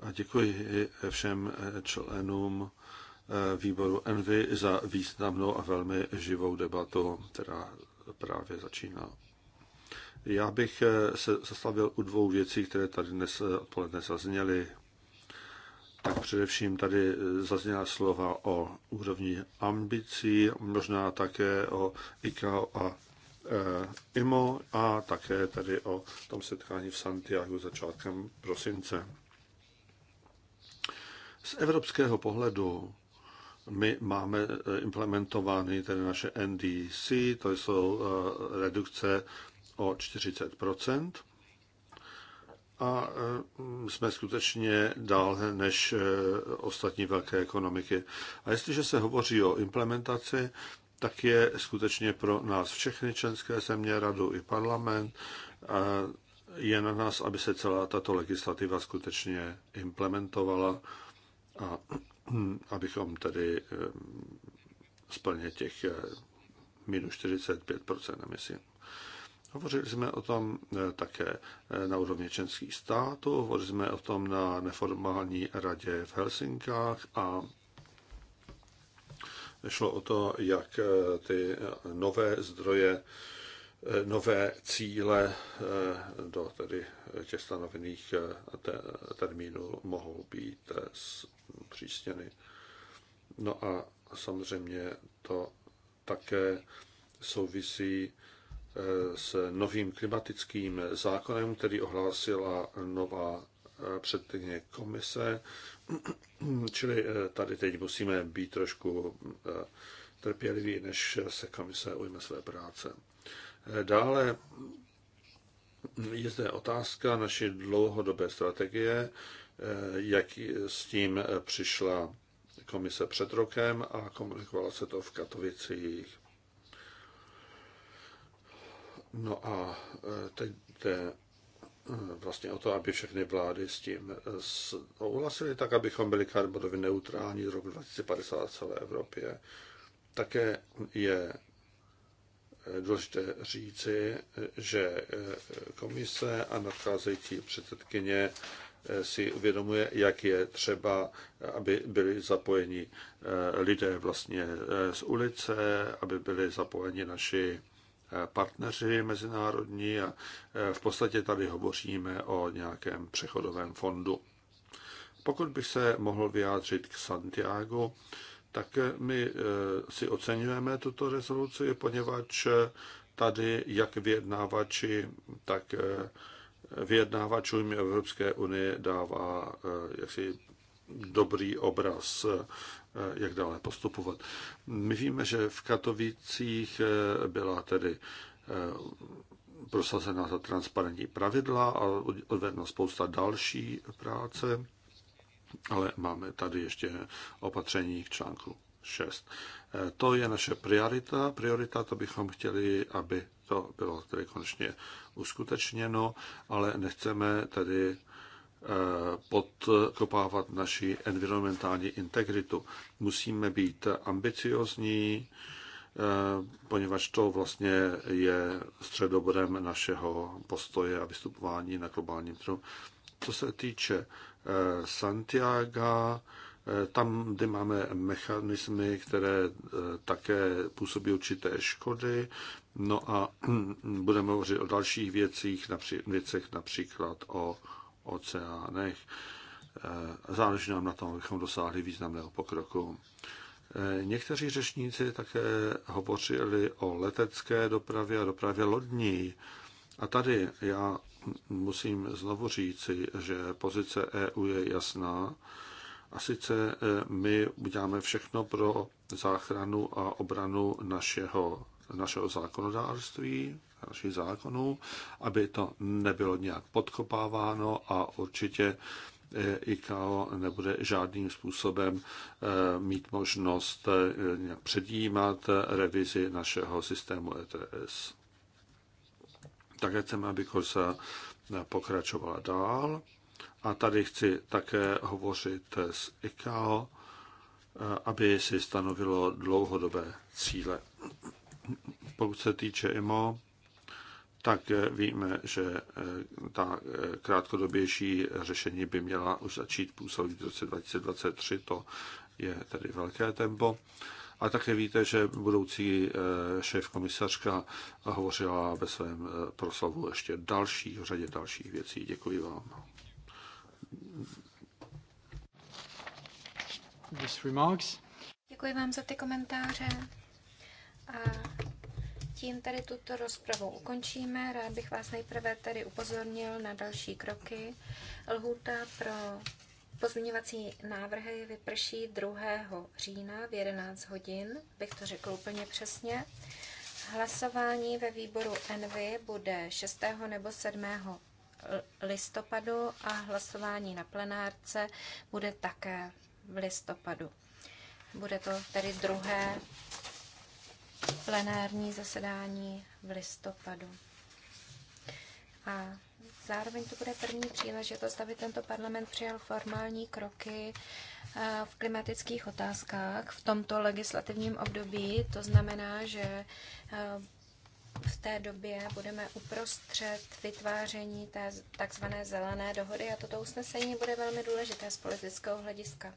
A děkuji všem eh, členům výboru Envy za významnou a velmi živou debatu, která právě začíná. Já bych eh, se zastavil u dvou věcí, které tady dnes eh, odpoledne zazněly. Tak především tady eh, zazněla slova o úrovni ambicí, možná také o ICAO a e, IMO a také tady o tom setkání v Santiago začátkem prosince. Z evropského pohledu my máme eh, implementovány tedy naše NDC, to jsou eh, redukce o 40 a eh, jsme skutečně dál než ostatní velké ekonomiky. A jestliže se hovoří o implementaci, tak je skutečně pro nás všechny členské země, radu i parlament, je na nás, aby se celá tato legislativa skutečně implementovala a Hmm, abychom tady eh, splně těch eh, minus 45 emisí. Hovořili jsme o tom eh, také na úrovni členských států, hovořili jsme o tom na neformální radě v Helsinkách a šlo o to, jak ty nové zdroje nové cíle eh, do tedy těch stanovených eh, termínů mohou být zpřísněny. Eh, no a samozřejmě to také souvisí s novým klimatickým zákonem, který ohlásila nová předtedně komise. Čili tady teď musíme být trošku trpěliví, než se komise ujme své práce. Dále je zde otázka naší dlouhodobé strategie, jak s tím přišla komise před rokem a komunikovala se to v Katovicích. No a teď jde vlastně o to, aby všechny vlády s tím souhlasily, tak abychom byli karbonově neutrální z roku 2050 v celé Evropě. Také je Eh, důležité říci, eh, že eh, komise a nadcházející předsedkyně si uvědomuje, jak je třeba, aby byli zapojeni lidé vlastně z ulice, aby byli zapojeni naši partneři mezinárodní a v podstatě tady hovoříme o nějakém přechodovém fondu. Pokud bych se mohl vyjádřit k Santiago, tak my eh, si oceňujeme tuto rezoluci, poněvadž eh, tady jak vyjednávači, tak eh, vyjednávačům Evropské unie dává jaksi dobrý obraz, jak dále postupovat. My víme, že v Katovicích byla tedy prosazena za transparentní pravidla a odvedla spousta další práce ale máme tady ještě opatření k článku 6. E, to je naše priorita. Priorita to bychom chtěli, aby to bylo tedy konečně uskutečněno, ale nechceme tedy e, podkopávat naši environmentální integritu. Musíme být ambiciozní, e, poněvadž to vlastně je středobodem našeho postoje a vystupování na globálním trhu. Co se týče Eh, Santiago, eh, tam, kde máme mechanismy, které eh, také působí určité škody. No a budeme hovořit o dalších věcích, napří, věcech například o oceánech. Záleží nám na tom, abychom dosáhli významného pokroku. Někteří řečníci také hovořili o letecké dopravě a dopravě lodní. A tady já musím znovu říci, že pozice EU je jasná. A sice e, my uděláme všechno pro záchranu a obranu našeho, našeho zákonodárství, našich zákonů, aby to nebylo nějak podkopáváno a určitě e, ICAO nebude žádným způsobem e, mít možnost nějak předjímat revizi našeho systému ETS. Také chceme, aby Korsa pokračovala dál. A tady chci také hovořit s ICAO, aby si stanovilo dlouhodobé cíle. Pokud se týče IMO, tak víme, že ta krátkodobější řešení by měla už začít působit v roce 2023, to je tedy velké tempo. A také víte, že budoucí eh, šéf komisařka hovořila ve svém eh, proslavu ještě další, řadě dalších věcí. Děkuji vám. Děkuji vám za ty komentáře. A tím tady tuto rozpravu ukončíme. Rád bych vás nejprve tady upozornil na další kroky. Lhůta pro Pozměňovací návrhy vyprší 2. října v 11 hodin, bych to řekl úplně přesně. Hlasování ve výboru Envy bude 6. nebo 7. listopadu a hlasování na plenárce bude také v listopadu. Bude to tedy druhé plenární zasedání v listopadu. A Zároveň to bude první příležitost, aby tento parlament přijal formální kroky eh, v klimatických otázkách v tomto legislativním období. To znamená, že eh, v té době budeme uprostřed vytváření té takzvané zelené dohody a toto usnesení bude velmi důležité z politického hlediska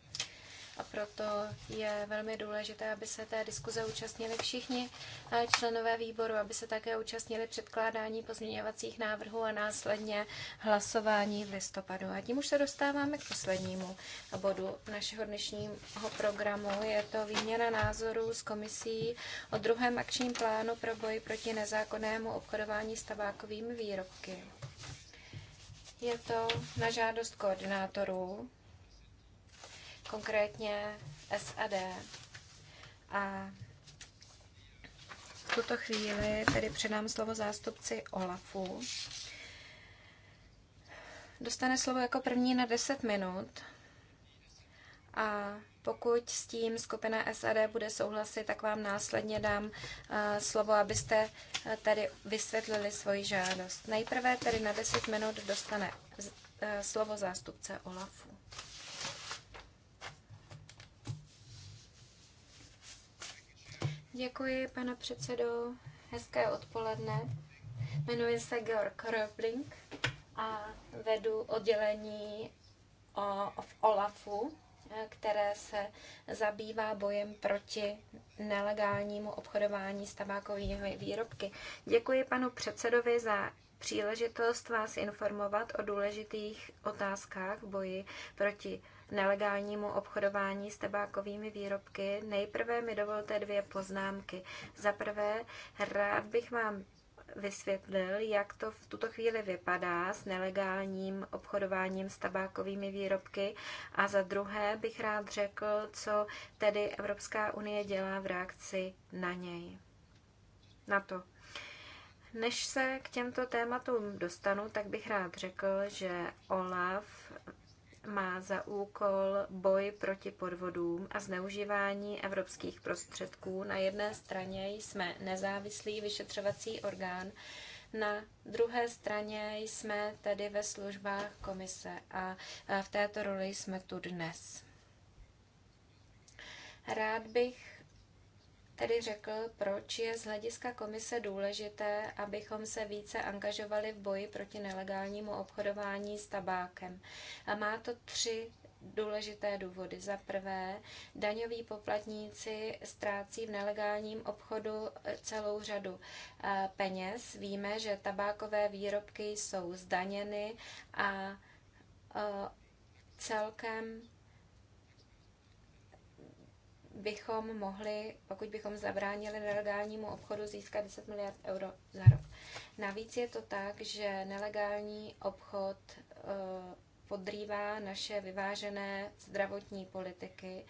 a proto je velmi důležité, aby se té diskuze účastnili všichni eh, členové výboru, aby se také účastnili předkládání pozměňovacích návrhů a následně hlasování v listopadu. A tím už se dostáváme k poslednímu bodu našeho dnešního programu. Je to výměna názorů s komisí o druhém akčním plánu pro boj proti nezákonnému obchodování s tabákovými výrobky. Je to na žádost koordinátorů konkrétně SAD. A v tuto chvíli tedy předám slovo zástupci OLAFu. Dostane slovo jako první na 10 minut a pokud s tím skupina SAD bude souhlasit, tak vám následně dám eh, slovo, abyste eh, tady vysvětlili svoji žádost. Nejprve tedy na 10 minut dostane eh, slovo zástupce OLAFu. Děkuji, pane předsedo. Hezké odpoledne. Jmenuji se Georg Röbling a vedu oddělení v OLAFu, které se zabývá bojem proti nelegálnímu obchodování s tabákovými výrobky. Děkuji panu předsedovi za příležitost vás informovat o důležitých otázkách boji proti nelegálnímu obchodování s tabákovými výrobky. Nejprve mi dovolte dvě poznámky. Za prvé, rád bych vám vysvětlil, jak to v tuto chvíli vypadá s nelegálním obchodováním s tabákovými výrobky a za druhé bych rád řekl, co tedy Evropská unie dělá v reakci na něj. Na to. Než se k těmto tématům dostanu, tak bych rád řekl, že OLAF má za úkol boj proti podvodům a zneužívání evropských prostředků. Na jedné straně jsme nezávislý vyšetřovací orgán, na druhé straně jsme tedy ve službách komise a v této roli jsme tu dnes. Rád bych tedy řekl, proč je z hlediska komise důležité, abychom se více angažovali v boji proti nelegálnímu obchodování s tabákem. A má to tři důležité důvody. Za prvé, daňoví poplatníci ztrácí v nelegálním obchodu eh, celou řadu eh, peněz. Víme, že tabákové výrobky jsou zdaněny a eh, celkem bychom mohli, pokud bychom zabránili nelegálnímu obchodu, získat 10 miliard euro za rok. Navíc je to tak, že nelegální obchod eh, podrývá naše vyvážené zdravotní politiky.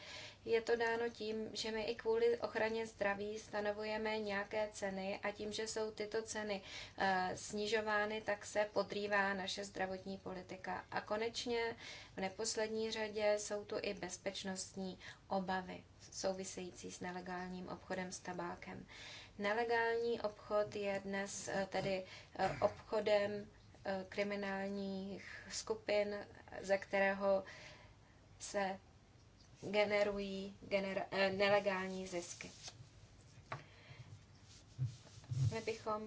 Je to dáno tím, že my i kvůli ochraně zdraví stanovujeme nějaké ceny a tím, že jsou tyto ceny eh, snižovány, tak se podrývá naše zdravotní politika. A konečně v neposlední řadě jsou tu i bezpečnostní obavy související s nelegálním obchodem s tabákem. Nelegální obchod je dnes eh, tedy eh, obchodem Eh, kriminálních skupin, ze kterého se generují gener eh, nelegální zisky. My bychom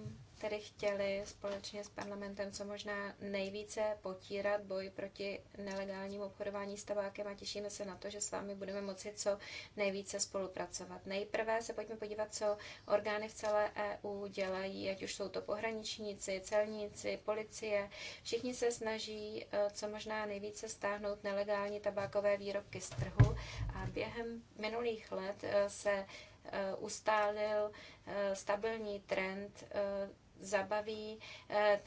tedy chtěli společně s parlamentem co možná nejvíce potírat boj proti nelegálnímu obchodování s tabákem a těšíme se na to, že s vámi budeme moci co nejvíce spolupracovat. Nejprve se pojďme podívat, co orgány v celé EU dělají, ať už jsou to pohraničníci, celníci, policie. Všichni se snaží eh, co možná nejvíce stáhnout nelegální tabákové výrobky z trhu a během minulých let eh, se eh, ustálil stabilní trend zabaví, eh,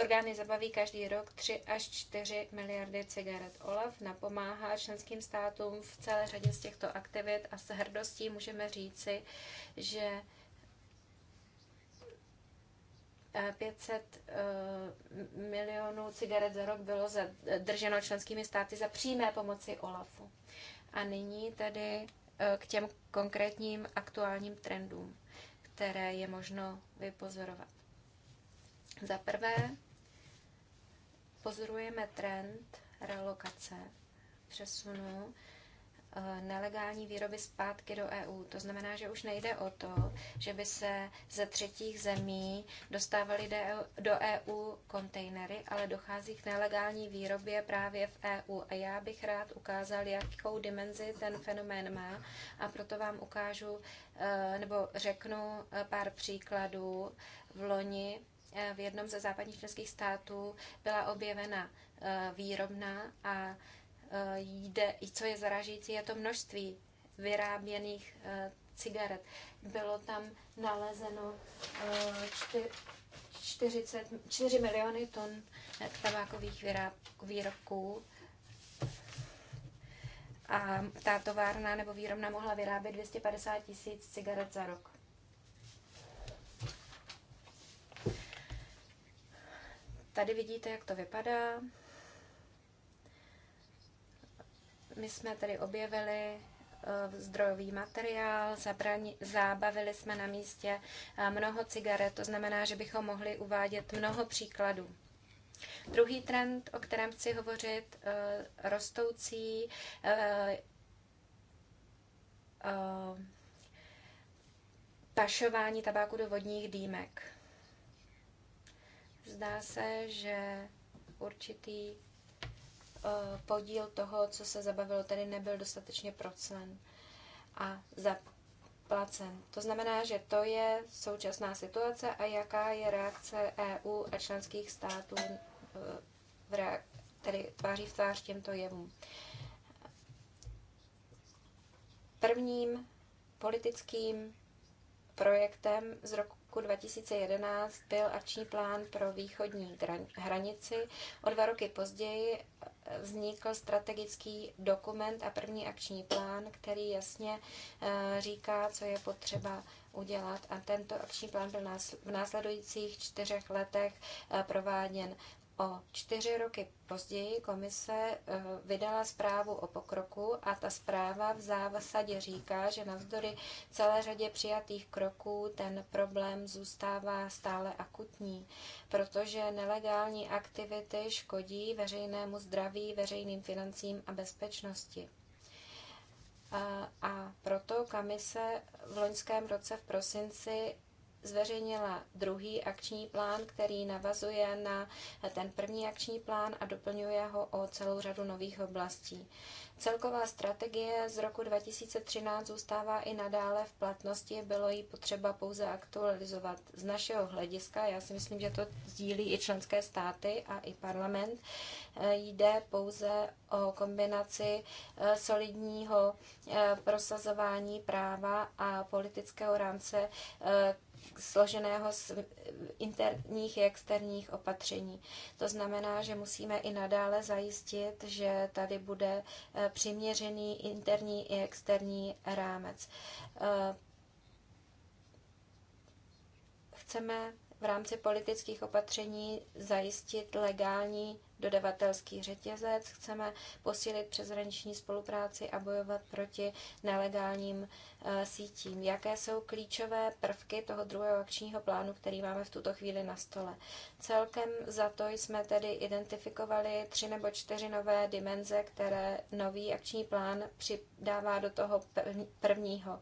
orgány zabaví každý rok 3 až 4 miliardy cigaret. Olaf napomáhá členským státům v celé řadě z těchto aktivit a s hrdostí můžeme říci, že 500 eh, eh, milionů cigaret za rok bylo drženo členskými státy za přímé pomoci OLAFu. A nyní tedy k těm konkrétním aktuálním trendům, které je možno vypozorovat. Za prvé, pozorujeme trend relokace, přesunu eh, nelegální výroby zpátky do EU. To znamená, že už nejde o to, že by se ze třetích zemí dostávaly do EU e kontejnery, ale dochází k nelegální výrobě právě v EU. A já bych rád ukázal, jakou dimenzi ten fenomén má a proto vám ukážu eh, nebo řeknu eh, pár příkladů. V loni Eh, v jednom ze západních českých států byla objevena eh, výrobna a eh, jde, co je zaražící, je to množství vyráběných cigaret. Bylo tam nalezeno 40, 4 miliony ton tabákových výrobků a ta továrna nebo výrobna mohla vyrábět 250 tisíc cigaret za rok. Tady vidíte, jak to vypadá. My jsme tady objevili eh, zdrojový materiál, zabrani, zábavili jsme na místě eh, mnoho cigaret, to znamená, že bychom mohli uvádět mnoho příkladů. Druhý trend, o kterém chci hovořit, eh, rostoucí pašování tabáku do vodních dýmek. Zdá se, že určitý eh, podíl toho, co se zabavilo, tady nebyl dostatečně procen a zaplacen. To znamená, že to je současná situace a jaká je reakce EU a členských států eh, v reak- tedy tváří v tvář těmto jevům. Prvním politickým projektem z roku roku 2011 byl akční plán pro východní hranici. O dva roky později eh, vznikl strategický dokument a první akční plán, který jasně eh, říká, co je potřeba udělat. A tento akční plán byl v následujících čtyřech letech eh, prováděn. O čtyři roky později komise eh, vydala zprávu o pokroku a ta zpráva v zásadě říká, že navzdory celé řadě přijatých kroků ten problém zůstává stále akutní, protože nelegální aktivity škodí veřejnému zdraví, veřejným financím a bezpečnosti. Eh, a proto komise v loňském roce v prosinci zveřejnila druhý akční plán, který navazuje na ten první akční plán a doplňuje ho o celou řadu nových oblastí. Celková strategie z roku 2013 zůstává i nadále v platnosti, bylo ji potřeba pouze aktualizovat z našeho hlediska. Já si myslím, že to sdílí i členské státy a i parlament. Eh, jde pouze o kombinaci eh, solidního eh, prosazování práva a politického rámce, složeného z interních i externích opatření. To znamená, že musíme i nadále zajistit, že tady bude eh, přiměřený interní i externí rámec. Eh, chceme v rámci politických opatření zajistit legální dodavatelský řetězec, chceme posílit přeshraniční spolupráci a bojovat proti nelegálním eh, sítím. Jaké jsou klíčové prvky toho druhého akčního plánu, který máme v tuto chvíli na stole? Celkem za to jsme tedy identifikovali tři nebo čtyři nové dimenze, které nový akční plán přidává do toho prvního.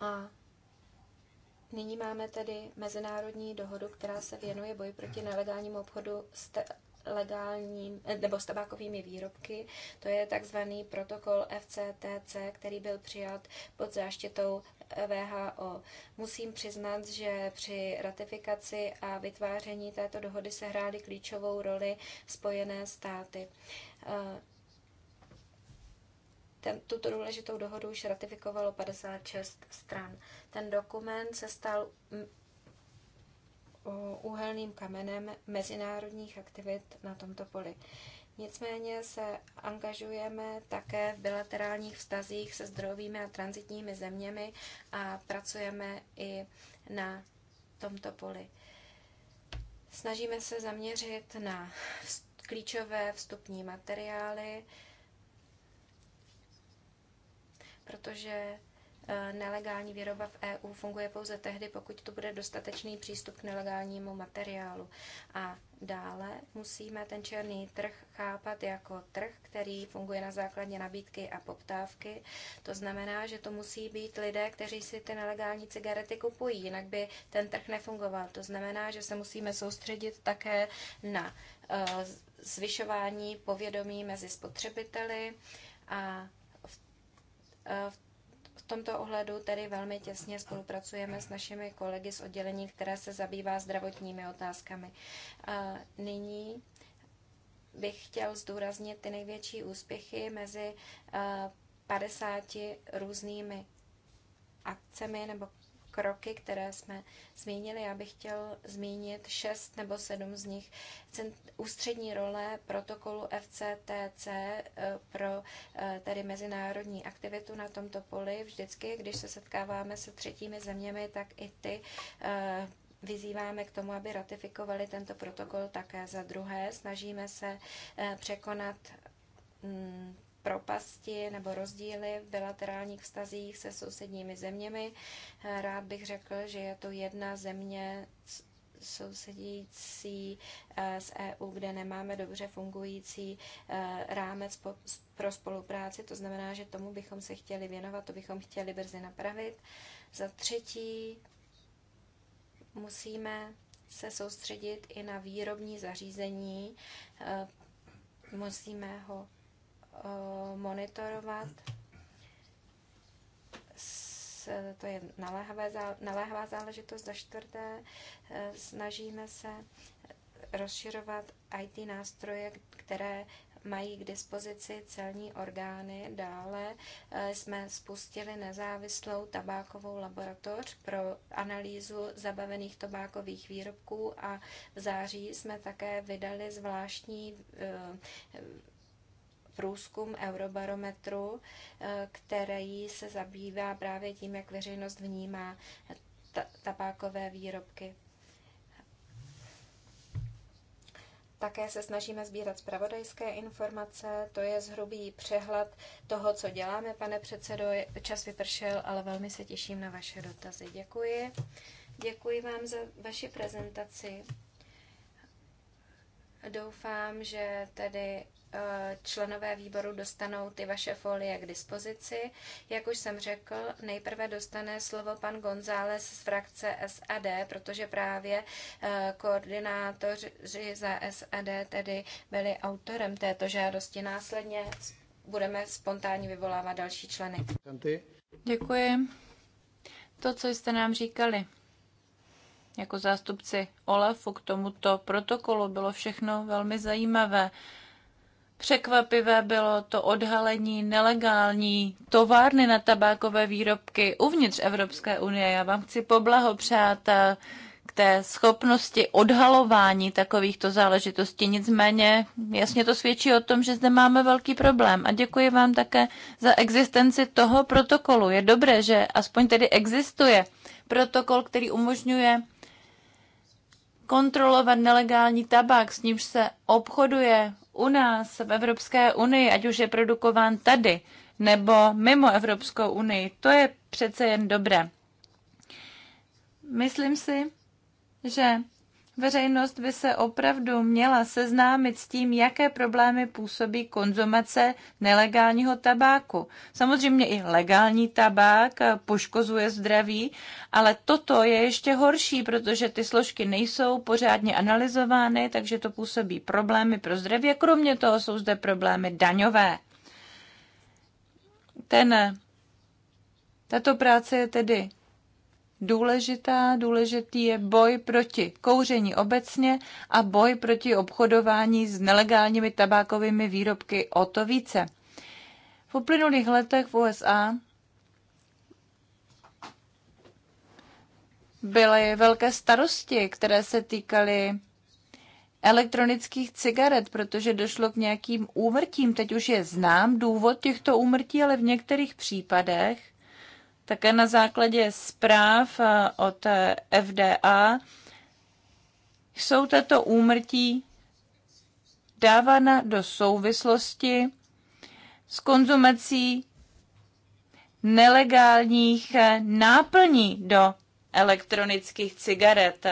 A Nyní máme tedy mezinárodní dohodu, která se věnuje boji proti nelegálnímu obchodu s legálním eh, nebo s tabákovými výrobky. To je takzvaný protokol FCTC, který byl přijat pod záštitou VHO. Musím přiznat, že při ratifikaci a vytváření této dohody se hrály klíčovou roli Spojené státy. Eh, ten, tuto důležitou dohodu už ratifikovalo 56 stran. Ten dokument se stal mm, úhelným kamenem mezinárodních aktivit na tomto poli. Nicméně se angažujeme také v bilaterálních vztazích se zdrojovými a transitními zeměmi a pracujeme i na tomto poli. Snažíme se zaměřit na klíčové vstupní materiály, protože eh, nelegální výroba v EU funguje pouze tehdy, pokud tu bude dostatečný přístup k nelegálnímu materiálu. A dále musíme ten černý trh chápat jako trh, který funguje na základě nabídky a poptávky. To znamená, že to musí být lidé, kteří si ty nelegální cigarety kupují, jinak by ten trh nefungoval. To znamená, že se musíme soustředit také na eh, zvyšování povědomí mezi spotřebiteli a Eh, v tomto ohledu tedy velmi těsně spolupracujeme s našimi kolegy z oddělení, které se zabývá zdravotními otázkami. Eh, nyní bych chtěl zdůraznit ty největší úspěchy mezi 50 eh, různými akcemi nebo kroky, které jsme zmínili. Já bych chtěl zmínit šest nebo sedm z nich. Ústřední role protokolu FCTC eh, pro eh, tedy mezinárodní aktivitu na tomto poli. Vždycky, když se setkáváme se třetími zeměmi, tak i ty eh, Vyzýváme k tomu, aby ratifikovali tento protokol také za druhé. Snažíme se překonat mm, propasti nebo rozdíly v bilaterálních vztazích se sousedními zeměmi. Rád bych řekl, že je to jedna země sousedící z eh, EU, kde nemáme dobře fungující eh, rámec pro spolupráci. To znamená, že tomu bychom se chtěli věnovat, to bychom chtěli brzy napravit. Za třetí musíme se soustředit i na výrobní zařízení. Eh, musíme ho Eh, monitorovat. To je naléhavá, naléhavá záležitost. Za čtvrté, eh, snažíme se rozširovat IT nástroje, které mají k dispozici celní orgány. Dále eh, jsme spustili nezávislou tabákovou laboratoř pro analýzu zabavených tabákových výrobků a v září jsme také vydali zvláštní průzkum Eurobarometru, eh, který se zabývá právě tím, jak veřejnost vnímá tabákové výrobky. Také se snažíme sbírat zpravodajské informace, to je zhrubý přehled toho, co děláme, pane předsedo. Čas vypršel, ale velmi se těším na vaše dotazy. Děkuji. Děkuji vám za vaši prezentaci. Doufám, že tedy Eh, členové výboru dostanou ty vaše folie k dispozici. Jak už jsem řekl, nejprve dostane slovo pan González z frakce SAD, protože právě eh, koordinátoři za SAD tedy byli autorem této žádosti. Následně budeme spontánně vyvolávat další členy. Děkuji. To, co jste nám říkali, jako zástupci OLAFu k tomuto protokolu bylo všechno velmi zajímavé. Překvapivé bylo to odhalení nelegální továrny na tabákové výrobky uvnitř Evropské unie. Já vám chci poblahopřát eh, k té schopnosti odhalování takovýchto záležitostí. Nicméně jasně to svědčí o tom, že zde máme velký problém. A děkuji vám také za existenci toho protokolu. Je dobré, že aspoň tedy existuje protokol, který umožňuje kontrolovat nelegální tabák, s nímž se obchoduje u nás v Evropské unii, ať už je produkován tady nebo mimo Evropskou unii. To je přece jen dobré. Myslím si, že Veřejnost by se opravdu měla seznámit s tím, jaké problémy působí konzumace nelegálního tabáku. Samozřejmě i legální tabák poškozuje zdraví, ale toto je ještě horší, protože ty složky nejsou pořádně analyzovány, takže to působí problémy pro zdraví a kromě toho jsou zde problémy daňové. Ten, tato práce je tedy důležitá. Důležitý je boj proti kouření obecně a boj proti obchodování s nelegálními tabákovými výrobky o to více. V uplynulých letech v USA byly velké starosti, které se týkaly elektronických cigaret, protože došlo k nějakým úmrtím. Teď už je znám důvod těchto úmrtí, ale v některých případech také na základě zpráv eh, od eh, FDA jsou tato úmrtí dávána do souvislosti s konzumací nelegálních eh, náplní do elektronických cigaret.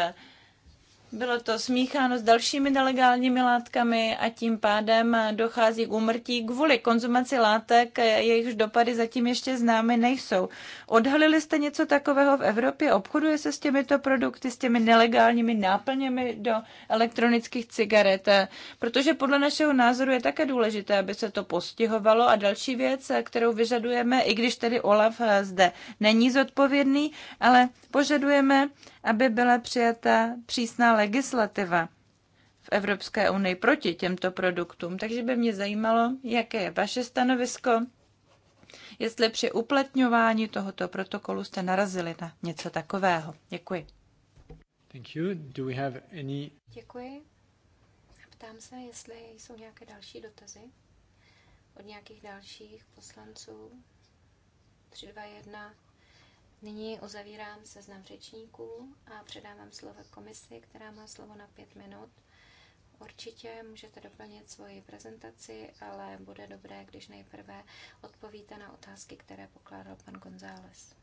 Bylo to smícháno s dalšími nelegálními látkami a tím pádem dochází k úmrtí kvůli konzumaci látek, jejichž dopady zatím ještě známy nejsou. Odhalili jste něco takového v Evropě? Obchoduje se s těmito produkty, s těmi nelegálními náplněmi do elektronických cigaret? Protože podle našeho názoru je také důležité, aby se to postihovalo. A další věc, kterou vyžadujeme, i když tedy Olaf zde není zodpovědný, ale požadujeme, aby byla přijata přísná legislativa v Evropské unii proti těmto produktům. Takže by mě zajímalo, jaké je vaše stanovisko, jestli při uplatňování tohoto protokolu jste narazili na něco takového. Děkuji. Thank you. Do we have any... Děkuji. Ptám se, jestli jsou nějaké další dotazy od nějakých dalších poslanců. 3, 2, 1, Nyní uzavírám seznam řečníků a předávám slovo komisi, která má slovo na pět minut. Určitě můžete doplnit svoji prezentaci, ale bude dobré, když nejprve odpovíte na otázky, které pokládal pan González.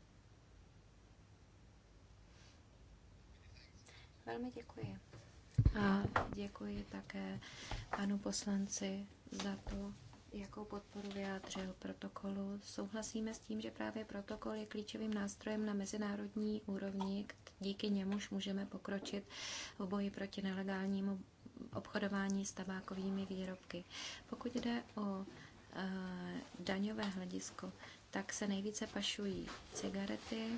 Velmi děkuji. A děkuji také panu poslanci za to, jakou podporu vyjádřil protokolu. Souhlasíme s tím, že právě protokol je klíčovým nástrojem na mezinárodní úrovni, díky němuž můžeme pokročit v boji proti nelegálnímu obchodování s tabákovými výrobky. Pokud jde o e, daňové hledisko, tak se nejvíce pašují cigarety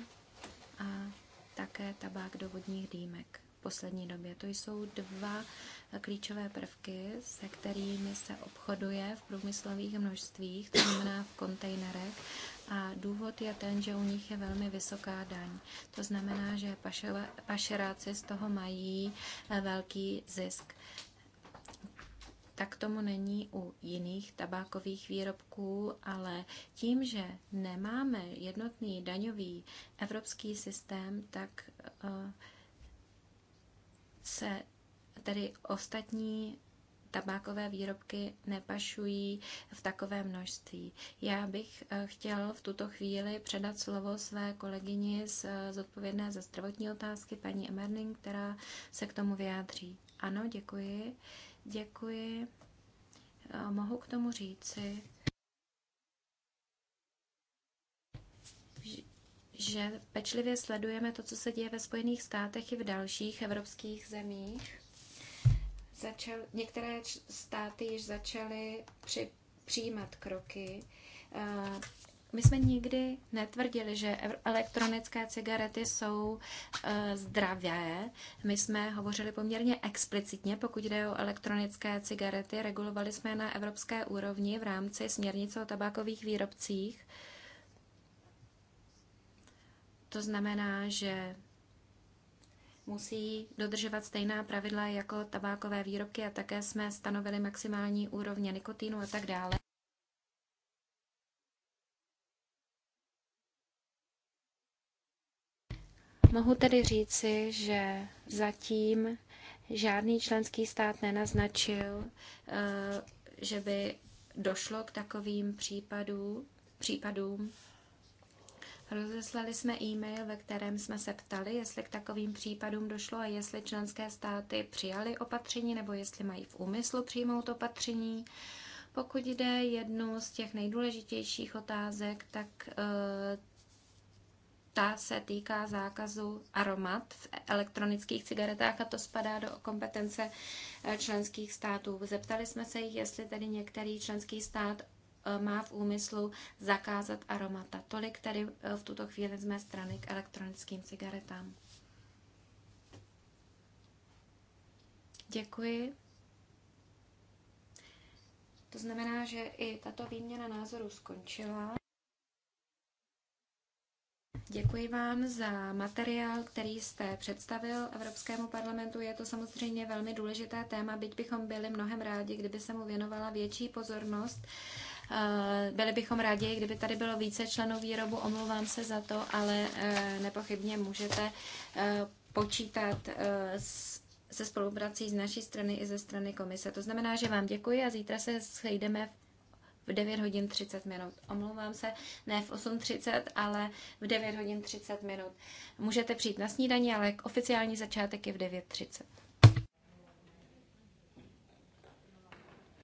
a také tabák do vodních dýmek poslední době. To jsou dva klíčové prvky, se kterými se obchoduje v průmyslových množstvích, to znamená v kontejnerech. A důvod je ten, že u nich je velmi vysoká daň. To znamená, že pašeráci z toho mají eh, velký zisk. Tak tomu není u jiných tabákových výrobků, ale tím, že nemáme jednotný daňový evropský systém, tak uh, se tedy ostatní tabákové výrobky nepašují v takové množství. Já bych eh, chtěl v tuto chvíli předat slovo své kolegyni z eh, zodpovědné za zdravotní otázky, paní Emerning, která se k tomu vyjádří. Ano, děkuji. Děkuji. Eh, mohu k tomu říci, že pečlivě sledujeme to, co se děje ve Spojených státech i v dalších evropských zemích. Začal, některé státy již začaly při, přijímat kroky. Eh, my jsme nikdy netvrdili, že elektronické cigarety jsou eh, zdravé. My jsme hovořili poměrně explicitně, pokud jde o elektronické cigarety. Regulovali jsme je na evropské úrovni v rámci směrnice o tabákových výrobcích. To znamená, že musí dodržovat stejná pravidla jako tabákové výrobky a také jsme stanovili maximální úrovně nikotínu a tak dále. Mohu tedy říci, že zatím žádný členský stát nenaznačil, eh, že by došlo k takovým případům. případům. Rozeslali jsme e-mail, ve kterém jsme se ptali, jestli k takovým případům došlo a jestli členské státy přijaly opatření nebo jestli mají v úmyslu přijmout opatření. Pokud jde jednu z těch nejdůležitějších otázek, tak eh, ta se týká zákazu aromat v elektronických cigaretách a to spadá do kompetence eh, členských států. Zeptali jsme se jich, jestli tedy některý členský stát Eh, má v úmyslu zakázat aromata. Tolik tedy eh, v tuto chvíli z mé strany k elektronickým cigaretám. Děkuji. To znamená, že i tato výměna názorů skončila. Děkuji vám za materiál, který jste představil Evropskému parlamentu. Je to samozřejmě velmi důležité téma, byť bychom byli mnohem rádi, kdyby se mu věnovala větší pozornost. Eh, byli bychom rádi, kdyby tady bylo více členů výrobu, omlouvám se za to, ale eh, nepochybně můžete eh, počítat s se spoluprací z naší strany i ze strany komise. To znamená, že vám děkuji a zítra se sejdeme v 9 hodin 30 minut. Omlouvám se, ne v 8.30, ale v 9 hodin 30 minut. Můžete přijít na snídani, ale oficiální začátek je v 9.30.